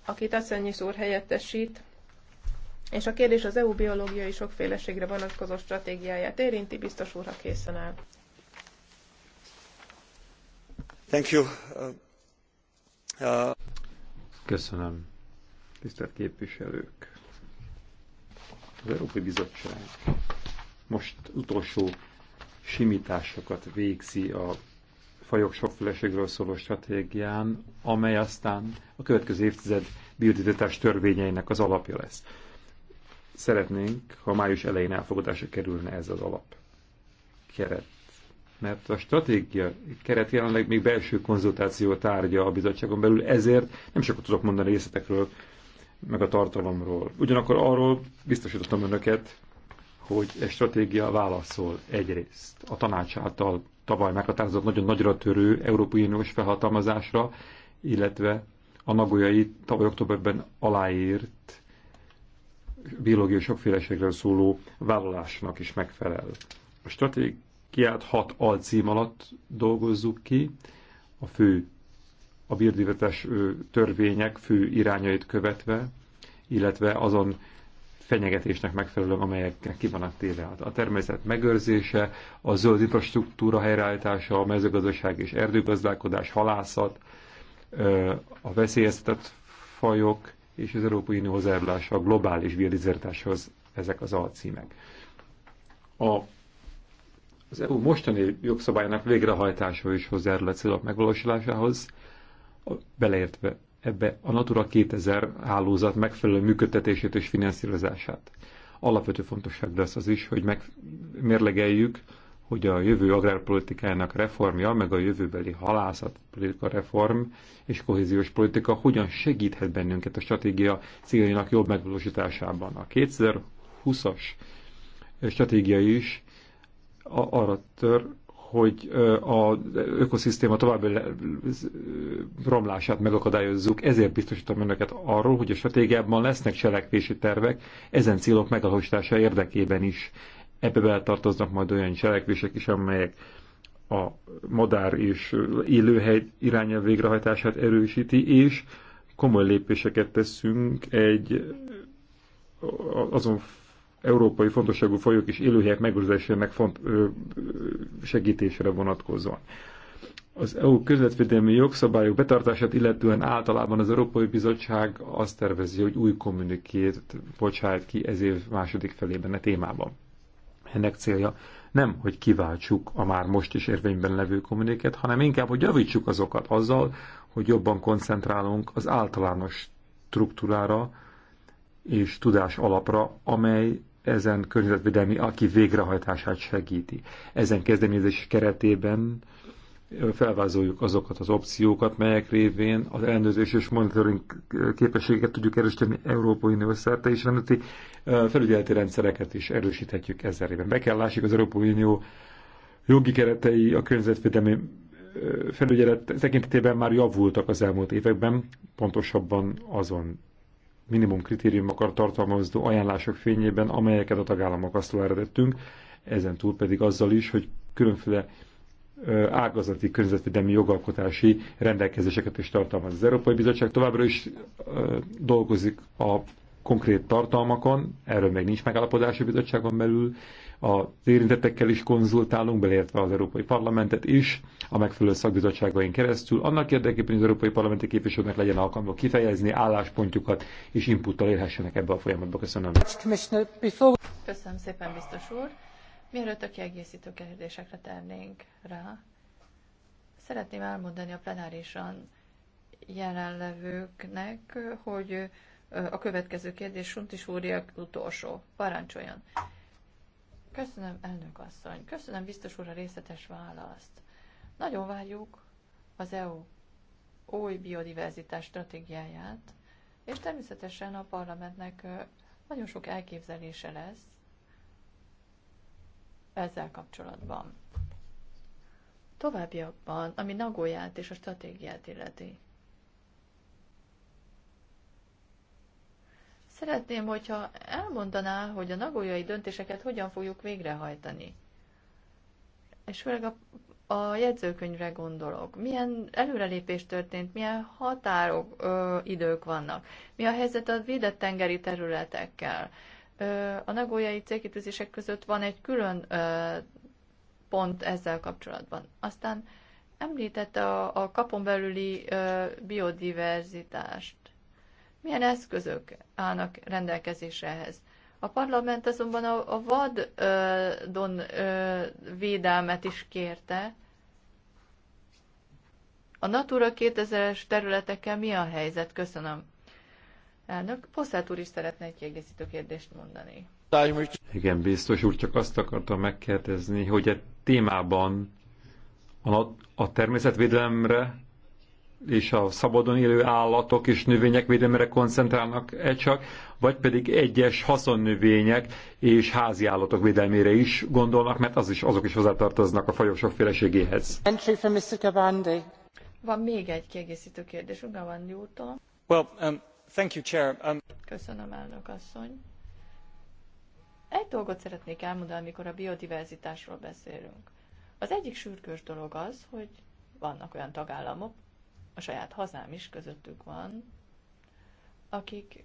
akit Asszonyis úr helyettesít, és a kérdés az EU biológiai sokféleségre vonatkozó stratégiáját érinti, biztos úr, ha készen áll. Thank you. Uh, uh... Köszönöm, tisztelt képviselők! Az Európai Bizottság most utolsó simításokat végzi a fajok sokféleségről szóló stratégián, amely aztán a következő évtized biodiversitás törvényeinek az alapja lesz. Szeretnénk, ha május elején elfogadásra kerülne ez az alap keret. Mert a stratégia keret jelenleg még belső konzultáció tárgya a bizottságon belül, ezért nem sokat tudok mondani részletekről, meg a tartalomról. Ugyanakkor arról biztosítottam önöket, hogy egy stratégia válaszol egyrészt a tanács által tavaly meghatározott nagyon nagyra törő Európai Uniós felhatalmazásra, illetve a Nagoyai tavaly októberben aláírt biológiai sokféleségről szóló vállalásnak is megfelel. A stratégiát hat alcím alatt dolgozzuk ki, a fő a biodiverzitás törvények fő irányait követve, illetve azon fenyegetésnek megfelelően, amelyeknek ki vannak a téve. Hát a természet megőrzése, a zöld infrastruktúra helyreállítása, a mezőgazdaság és erdőgazdálkodás, halászat, a veszélyeztetett fajok és az Európai Unió hozzájárulása a globális biodiverzitáshoz ezek az alcímek. A az EU mostani jogszabályának végrehajtása is hozzájárul a célok megvalósulásához, beleértve ebbe a Natura 2000 hálózat megfelelő működtetését és finanszírozását. Alapvető fontosság lesz az is, hogy megmérlegeljük, hogy a jövő agrárpolitikának reformja, meg a jövőbeli politika reform és kohéziós politika hogyan segíthet bennünket a stratégia céljainak jobb megvalósításában. A 2020-as stratégia is arra tör, hogy az ökoszisztéma további romlását megakadályozzuk, ezért biztosítom önöket arról, hogy a stratégiában lesznek cselekvési tervek ezen célok megvalósítása érdekében is. Ebbe beletartoznak majd olyan cselekvések is, amelyek a madár és élőhely irányelv végrehajtását erősíti, és komoly lépéseket teszünk egy azon európai fontosságú folyók és élőhelyek megőrzésének font, ö, segítésére vonatkozóan. Az EU közvetvédelmi jogszabályok betartását illetően általában az Európai Bizottság azt tervezi, hogy új kommunikét bocsájt ki ez év második felében a témában. Ennek célja nem, hogy kiváltsuk a már most is érvényben levő kommuniket, hanem inkább, hogy javítsuk azokat azzal, hogy jobban koncentrálunk az általános struktúrára és tudás alapra, amely ezen környezetvédelmi, aki végrehajtását segíti. Ezen kezdeményezés keretében felvázoljuk azokat az opciókat, melyek révén az ellenőrzés és monitoring képességeket tudjuk erősíteni Európai Unió szerte, és nemzeti felügyeleti rendszereket is erősíthetjük ezzel révén. Be kell lássuk az Európai Unió jogi keretei a környezetvédelmi felügyelet tekintetében már javultak az elmúlt években, pontosabban azon minimum kritériumokat tartalmazó ajánlások fényében, amelyeket a tagállamok azt eredettünk, ezen túl pedig azzal is, hogy különféle ágazati környezetvédelmi jogalkotási rendelkezéseket is tartalmaz. Az Európai Bizottság továbbra is dolgozik a konkrét tartalmakon, erről még nincs megállapodás a bizottságon belül, az érintettekkel is konzultálunk, beleértve az Európai Parlamentet is, a megfelelő szakbizottságaink keresztül, annak érdekében, hogy az Európai Parlamenti képviselőknek legyen alkalma kifejezni álláspontjukat, és inputtal élhessenek ebbe a folyamatba. Köszönöm. Köszönöm szépen, biztos úr. Mielőtt a kiegészítő kérdésekre tennénk rá, szeretném elmondani a plenárisan jelenlevőknek, hogy a következő kérdés Suntis úr utolsó. Parancsoljon! Köszönöm, elnök asszony. Köszönöm, biztos úr, a részletes választ. Nagyon várjuk az EU új biodiverzitás stratégiáját, és természetesen a parlamentnek nagyon sok elképzelése lesz ezzel kapcsolatban. Továbbiakban, ami Nagóját és a stratégiát illeti. Szeretném, hogyha elmondaná, hogy a nagójai döntéseket hogyan fogjuk végrehajtani. És főleg a, a jegyzőkönyvre gondolok. Milyen előrelépés történt, milyen határok, ö, idők vannak, mi a helyzet a védett tengeri területekkel. Ö, a nagójai célkitűzések között van egy külön ö, pont ezzel kapcsolatban. Aztán említette a, a kapon belüli ö, biodiverzitást milyen eszközök állnak rendelkezésre ehhez. A parlament azonban a, a vadon védelmet is kérte. A Natura 2000-es területekkel mi a helyzet? Köszönöm. Elnök, Poszát úr is szeretne egy kiegészítő kérdést mondani. Igen, biztos úr, csak azt akartam megkérdezni, hogy egy témában a, a természetvédelemre és a szabadon élő állatok és növények védelmére koncentrálnak -e csak, vagy pedig egyes haszonnövények és házi állatok védelmére is gondolnak, mert az is, azok is hozzátartoznak a fajok sokféleségéhez. Van még egy kiegészítő kérdés Ugavandi úrtól. Well, um, thank you, Chair. Um... Köszönöm, elnök asszony. Egy dolgot szeretnék elmondani, amikor a biodiverzitásról beszélünk. Az egyik sürgős dolog az, hogy vannak olyan tagállamok, a saját hazám is közöttük van, akik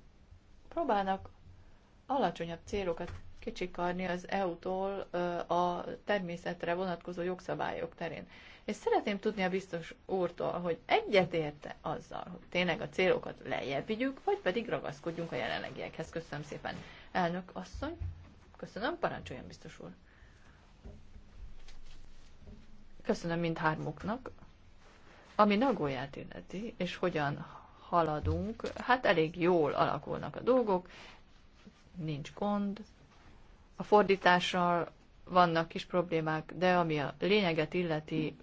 próbálnak alacsonyabb célokat kicsikarni az EU-tól a természetre vonatkozó jogszabályok terén. És szeretném tudni a biztos úrtól, hogy egyetérte azzal, hogy tényleg a célokat lejjebb vigyük, vagy pedig ragaszkodjunk a jelenlegiekhez. Köszönöm szépen. Elnök asszony, köszönöm, parancsoljon biztos úr. Köszönöm mindhármuknak ami Nagóját illeti, és hogyan haladunk, hát elég jól alakulnak a dolgok, nincs gond. A fordítással vannak kis problémák, de ami a lényeget illeti,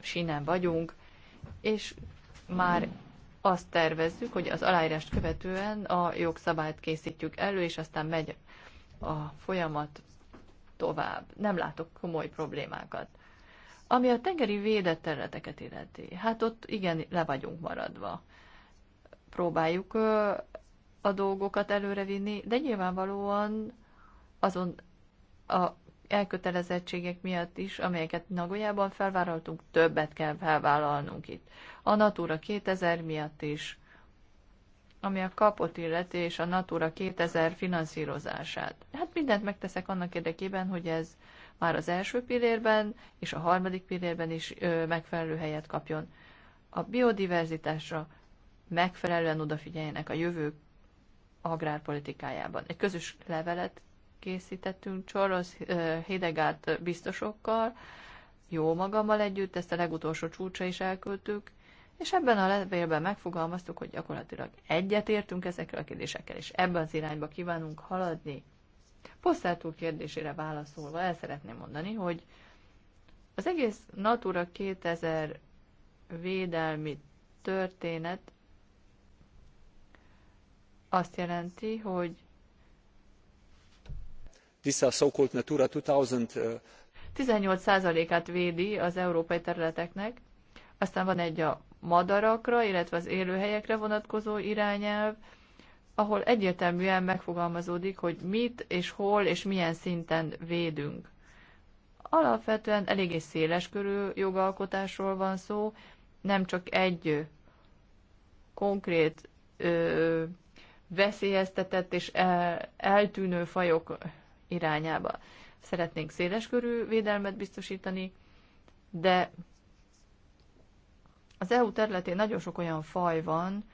sinem vagyunk, és már azt tervezzük, hogy az aláírást követően a jogszabályt készítjük elő, és aztán megy a folyamat tovább. Nem látok komoly problémákat. Ami a tengeri védett területeket illeti, hát ott igen, le vagyunk maradva. Próbáljuk a dolgokat előrevinni, de nyilvánvalóan azon a elkötelezettségek miatt is, amelyeket Nagoyában felvállaltunk, többet kell felvállalnunk itt. A Natura 2000 miatt is, ami a kapot illeti, és a Natura 2000 finanszírozását. Hát mindent megteszek annak érdekében, hogy ez már az első pillérben és a harmadik pillérben is megfelelő helyet kapjon. A biodiverzitásra megfelelően odafigyeljenek a jövő agrárpolitikájában. Egy közös levelet készítettünk Charles Hidegárt biztosokkal, jó magammal együtt, ezt a legutolsó csúcsa is elküldtük, és ebben a levélben megfogalmaztuk, hogy gyakorlatilag egyetértünk ezekkel a kérdésekkel, és ebben az irányba kívánunk haladni. Posztától kérdésére válaszolva el szeretném mondani, hogy az egész Natura 2000 védelmi történet azt jelenti, hogy This a uh, so-called Natura 2000 18%-át uh, védi az európai területeknek, aztán van egy a madarakra, illetve az élőhelyekre vonatkozó irányelv, ahol egyértelműen megfogalmazódik, hogy mit és hol és milyen szinten védünk. Alapvetően eléggé széles körű jogalkotásról van szó, nem csak egy konkrét ö, veszélyeztetett és el, eltűnő fajok irányába. Szeretnénk széleskörű védelmet biztosítani, de az EU területén nagyon sok olyan faj van,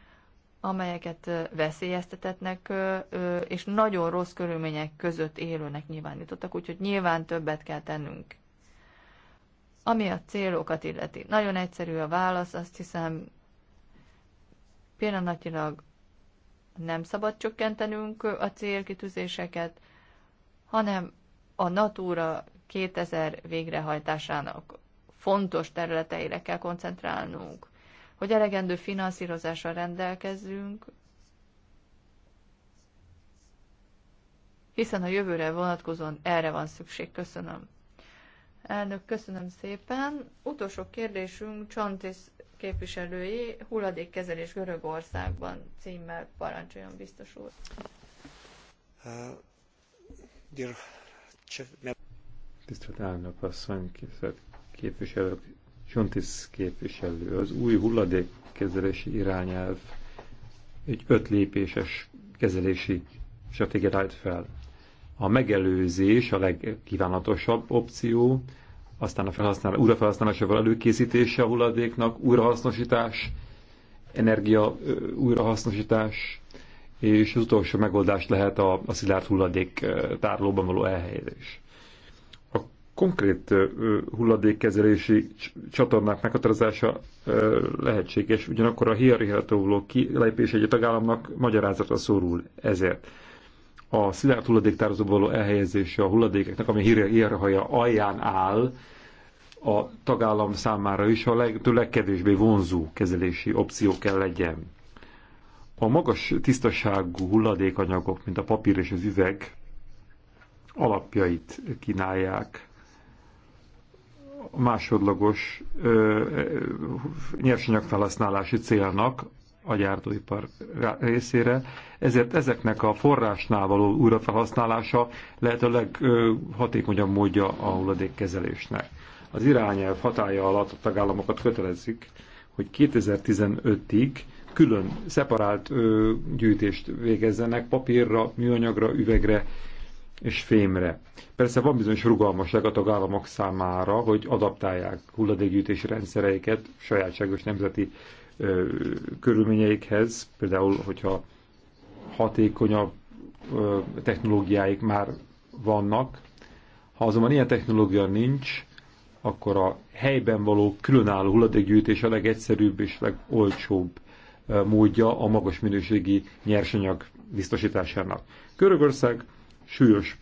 amelyeket veszélyeztetetnek és nagyon rossz körülmények között élőnek nyilvánítottak, úgyhogy nyilván többet kell tennünk. Ami a célokat illeti, nagyon egyszerű a válasz, azt hiszem pillanatilag nem szabad csökkentenünk a célkitűzéseket, hanem a Natura 2000 végrehajtásának fontos területeire kell koncentrálnunk hogy elegendő finanszírozással rendelkezzünk, hiszen a jövőre vonatkozóan erre van szükség. Köszönöm. Elnök, köszönöm szépen. Utolsó kérdésünk Csantis képviselői hulladékkezelés Görögországban címmel parancsoljon biztos úr. Uh, tisztelt elnök asszony, képviselők, Csontis képviselő, az új hulladékkezelési irányelv egy öt lépéses kezelési stratégiát állt fel. A megelőzés a legkívánatosabb opció, aztán a felhasználás, újrafelhasználásával előkészítése a hulladéknak, újrahasznosítás, energia újrahasznosítás, és az utolsó megoldás lehet a, a szilárd hulladék tárlóban való elhelyezés konkrét hulladékkezelési csatornák meghatározása lehetséges, ugyanakkor a hiarhihatóvló kilépés egy tagállamnak magyarázatra szorul ezért. A szilárd hulladéktározó való elhelyezése a hulladékeknek, ami hiarhaja alján áll, a tagállam számára is a leg, legkevésbé vonzó kezelési opció kell legyen. A magas tisztaságú hulladékanyagok, mint a papír és az üveg, alapjait kínálják másodlagos nyersanyag felhasználási célnak a gyártóipar részére, ezért ezeknek a forrásnál való újrafelhasználása lehet a leghatékonyabb módja a hulladékkezelésnek. Az irányelv hatája alatt a tagállamokat kötelezik, hogy 2015-ig külön, szeparált ö, gyűjtést végezzenek papírra, műanyagra, üvegre és fémre. Persze van bizonyos rugalmasság a tagállamok számára, hogy adaptálják hulladékgyűjtési rendszereiket sajátságos nemzeti ö, körülményeikhez, például, hogyha hatékonyabb ö, technológiáik már vannak. Ha azonban ilyen technológia nincs, akkor a helyben való különálló hulladékgyűjtés a legegyszerűbb és legolcsóbb módja a magas minőségi nyersanyag biztosításának. Görögország súlyos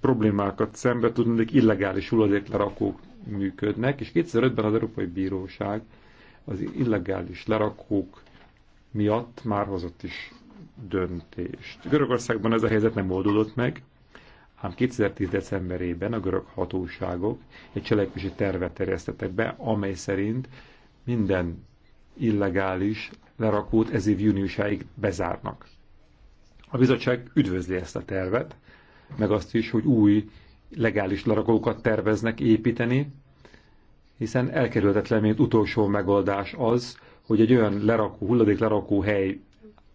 problémákat szembe tudnak, illegális hulladéklerakók működnek, és 2005-ben az Európai Bíróság az illegális lerakók miatt már hozott is döntést. Görögországban ez a helyzet nem oldódott meg, ám 2010. decemberében a görög hatóságok egy cselekvési tervet terjesztettek be, amely szerint minden illegális lerakót ez év júniusáig bezárnak. A bizottság üdvözli ezt a tervet, meg azt is, hogy új legális lerakókat terveznek építeni, hiszen elkerülhetetlen, mint utolsó megoldás az, hogy egy olyan lerakó, hulladék lerakó hely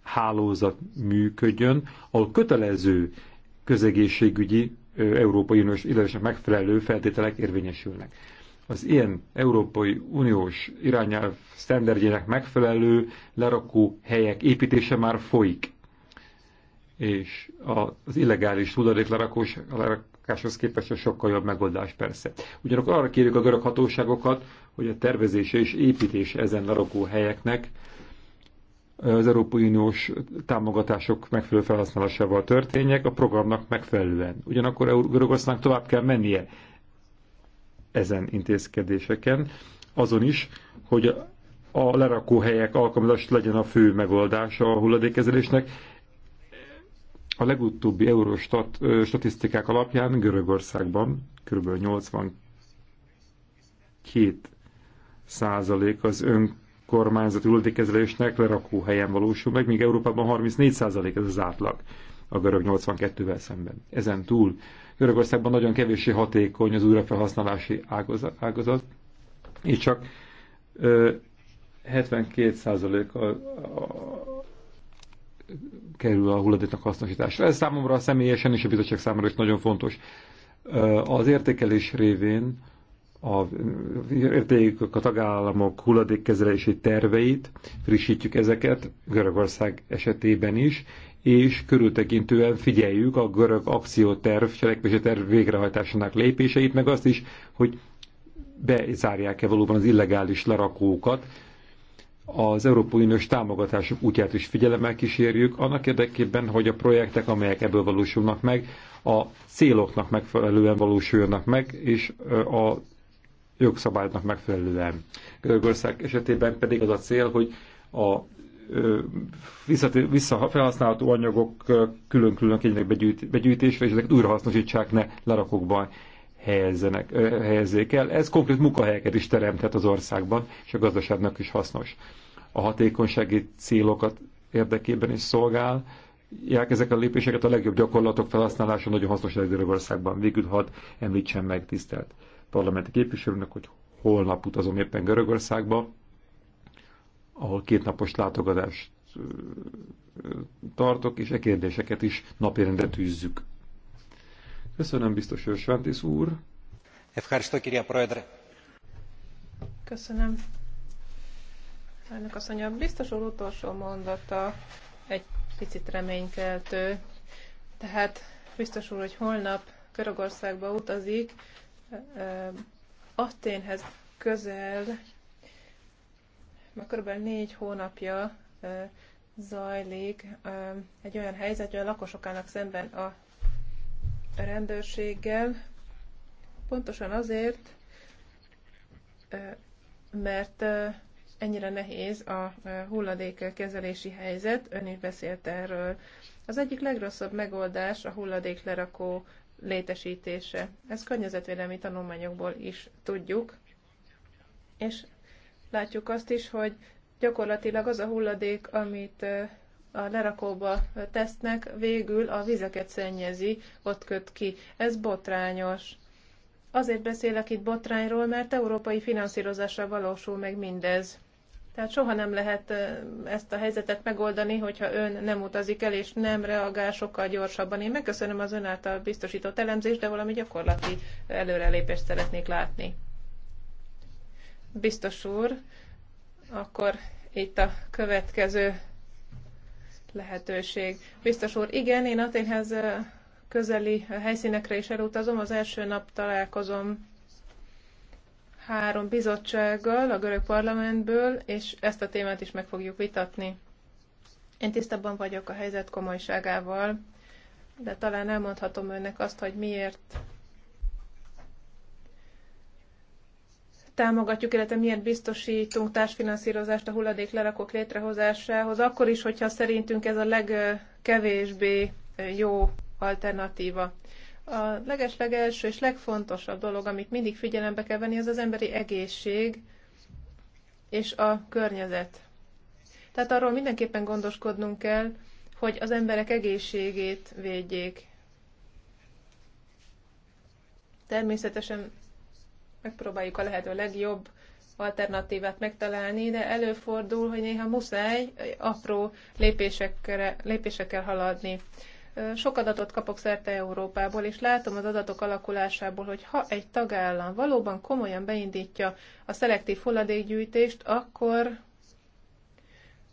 hálózat működjön, ahol kötelező közegészségügyi Európai Uniós illesnek megfelelő feltételek érvényesülnek. Az ilyen Európai Uniós irányelv sztenderdjének megfelelő lerakó helyek építése már folyik és az illegális hulladéklerakáshoz képest sokkal jobb megoldás persze. Ugyanakkor arra kérjük a görög hatóságokat, hogy a tervezése és építése ezen lerakó helyeknek az Európai Uniós támogatások megfelelő felhasználásával történjek, a programnak megfelelően. Ugyanakkor Görögországnak tovább kell mennie ezen intézkedéseken, azon is, hogy a lerakóhelyek alkalmazás legyen a fő megoldása a hulladékkezelésnek, a legutóbbi Eurostat statisztikák alapján Görögországban kb. 82 százalék az önkormányzati üldékezelésnek lerakó helyen valósul meg, míg Európában 34 százalék ez az átlag a görög 82-vel szemben. Ezen túl Görögországban nagyon kevéssé hatékony az újrafelhasználási ágazat, ágazat és csak ö, 72% a, a, kerül a hulladéknak hasznosításra. Ez számomra személyesen és a bizottság számára is nagyon fontos. Az értékelés révén a, értékeljük a tagállamok hulladékkezelési terveit, frissítjük ezeket Görögország esetében is, és körültekintően figyeljük a görög akcióterv, cselekvési terv végrehajtásának lépéseit, meg azt is, hogy bezárják-e valóban az illegális lerakókat, az Európai Uniós támogatások útját is figyelemmel kísérjük, annak érdekében, hogy a projektek, amelyek ebből valósulnak meg, a céloknak megfelelően valósuljanak meg, és a jogszabályoknak megfelelően. Görögország esetében pedig az a cél, hogy a visszafelhasználható anyagok külön-külön kényleg begyűjt, begyűjtésre, és ezeket újrahasznosítsák, ne lerakokban helyezzék el. Ez konkrét munkahelyeket is teremthet az országban, és a gazdaságnak is hasznos a hatékonysági célokat érdekében is szolgál. Ják ezek a lépéseket a legjobb gyakorlatok felhasználása nagyon hasznos lehet Görögországban. Végül hadd említsen meg tisztelt parlamenti képviselőnek, hogy holnap utazom éppen Görögországba, ahol kétnapos látogatást tartok, és e kérdéseket is napirendre tűzzük. Köszönöm, biztos Söntis úr. Köszönöm, ennek azt a biztos úr utolsó mondata egy picit reménykeltő. Tehát biztos úr, hogy holnap Körögországba utazik, Aténhez közel, már kb. négy hónapja zajlik egy olyan helyzet, hogy a lakosok állnak szemben a rendőrséggel, pontosan azért, mert ennyire nehéz a eh, kezelési helyzet, ön is beszélt erről. Az egyik legrosszabb megoldás a hulladék lerakó létesítése. Ezt környezetvédelmi tanulmányokból is tudjuk, és látjuk azt is, hogy gyakorlatilag az a hulladék, amit eh, a lerakóba tesznek, végül a vizeket szennyezi, ott köt ki. Ez botrányos. Azért beszélek itt botrányról, mert európai finanszírozással valósul meg mindez. Tehát soha nem lehet ezt a helyzetet megoldani, hogyha ön nem utazik el, és nem reagál sokkal gyorsabban. Én megköszönöm az ön által biztosított elemzést, de valami gyakorlati előrelépést szeretnék látni. Biztos úr, akkor itt a következő lehetőség. Biztos úr, igen, én Aténhez közeli helyszínekre is elutazom, az első nap találkozom három bizottsággal a görög parlamentből, és ezt a témát is meg fogjuk vitatni. Én tisztában vagyok a helyzet komolyságával, de talán elmondhatom önnek azt, hogy miért támogatjuk, illetve miért biztosítunk társfinanszírozást a hulladék lerakók létrehozásához, akkor is, hogyha szerintünk ez a legkevésbé jó alternatíva. A legeslegelső és legfontosabb dolog, amit mindig figyelembe kell venni, az az emberi egészség és a környezet. Tehát arról mindenképpen gondoskodnunk kell, hogy az emberek egészségét védjék. Természetesen megpróbáljuk a lehető legjobb alternatívát megtalálni, de előfordul, hogy néha muszáj apró lépésekre, lépésekkel haladni. Sok adatot kapok szerte Európából, és látom az adatok alakulásából, hogy ha egy tagállam valóban komolyan beindítja a szelektív hulladékgyűjtést, akkor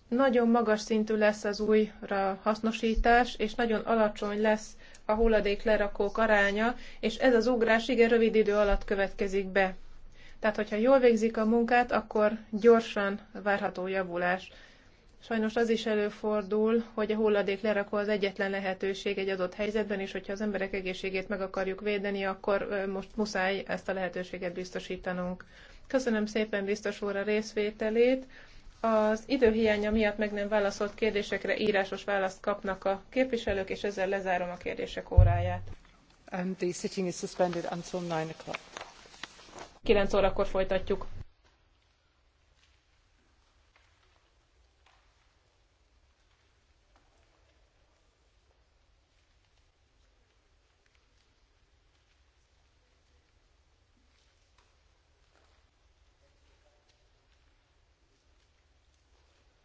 nagyon magas szintű lesz az újra hasznosítás, és nagyon alacsony lesz a hulladék lerakók aránya, és ez az ugrás igen rövid idő alatt következik be. Tehát, hogyha jól végzik a munkát, akkor gyorsan várható javulás. Sajnos az is előfordul, hogy a hulladék lerakó az egyetlen lehetőség egy adott helyzetben, és hogyha az emberek egészségét meg akarjuk védeni, akkor most muszáj ezt a lehetőséget biztosítanunk. Köszönöm szépen biztos úr a részvételét. Az időhiánya miatt meg nem válaszolt kérdésekre írásos választ kapnak a képviselők, és ezzel lezárom a kérdések óráját. And the sitting is suspended until 9 o'clock. 9 órakor folytatjuk.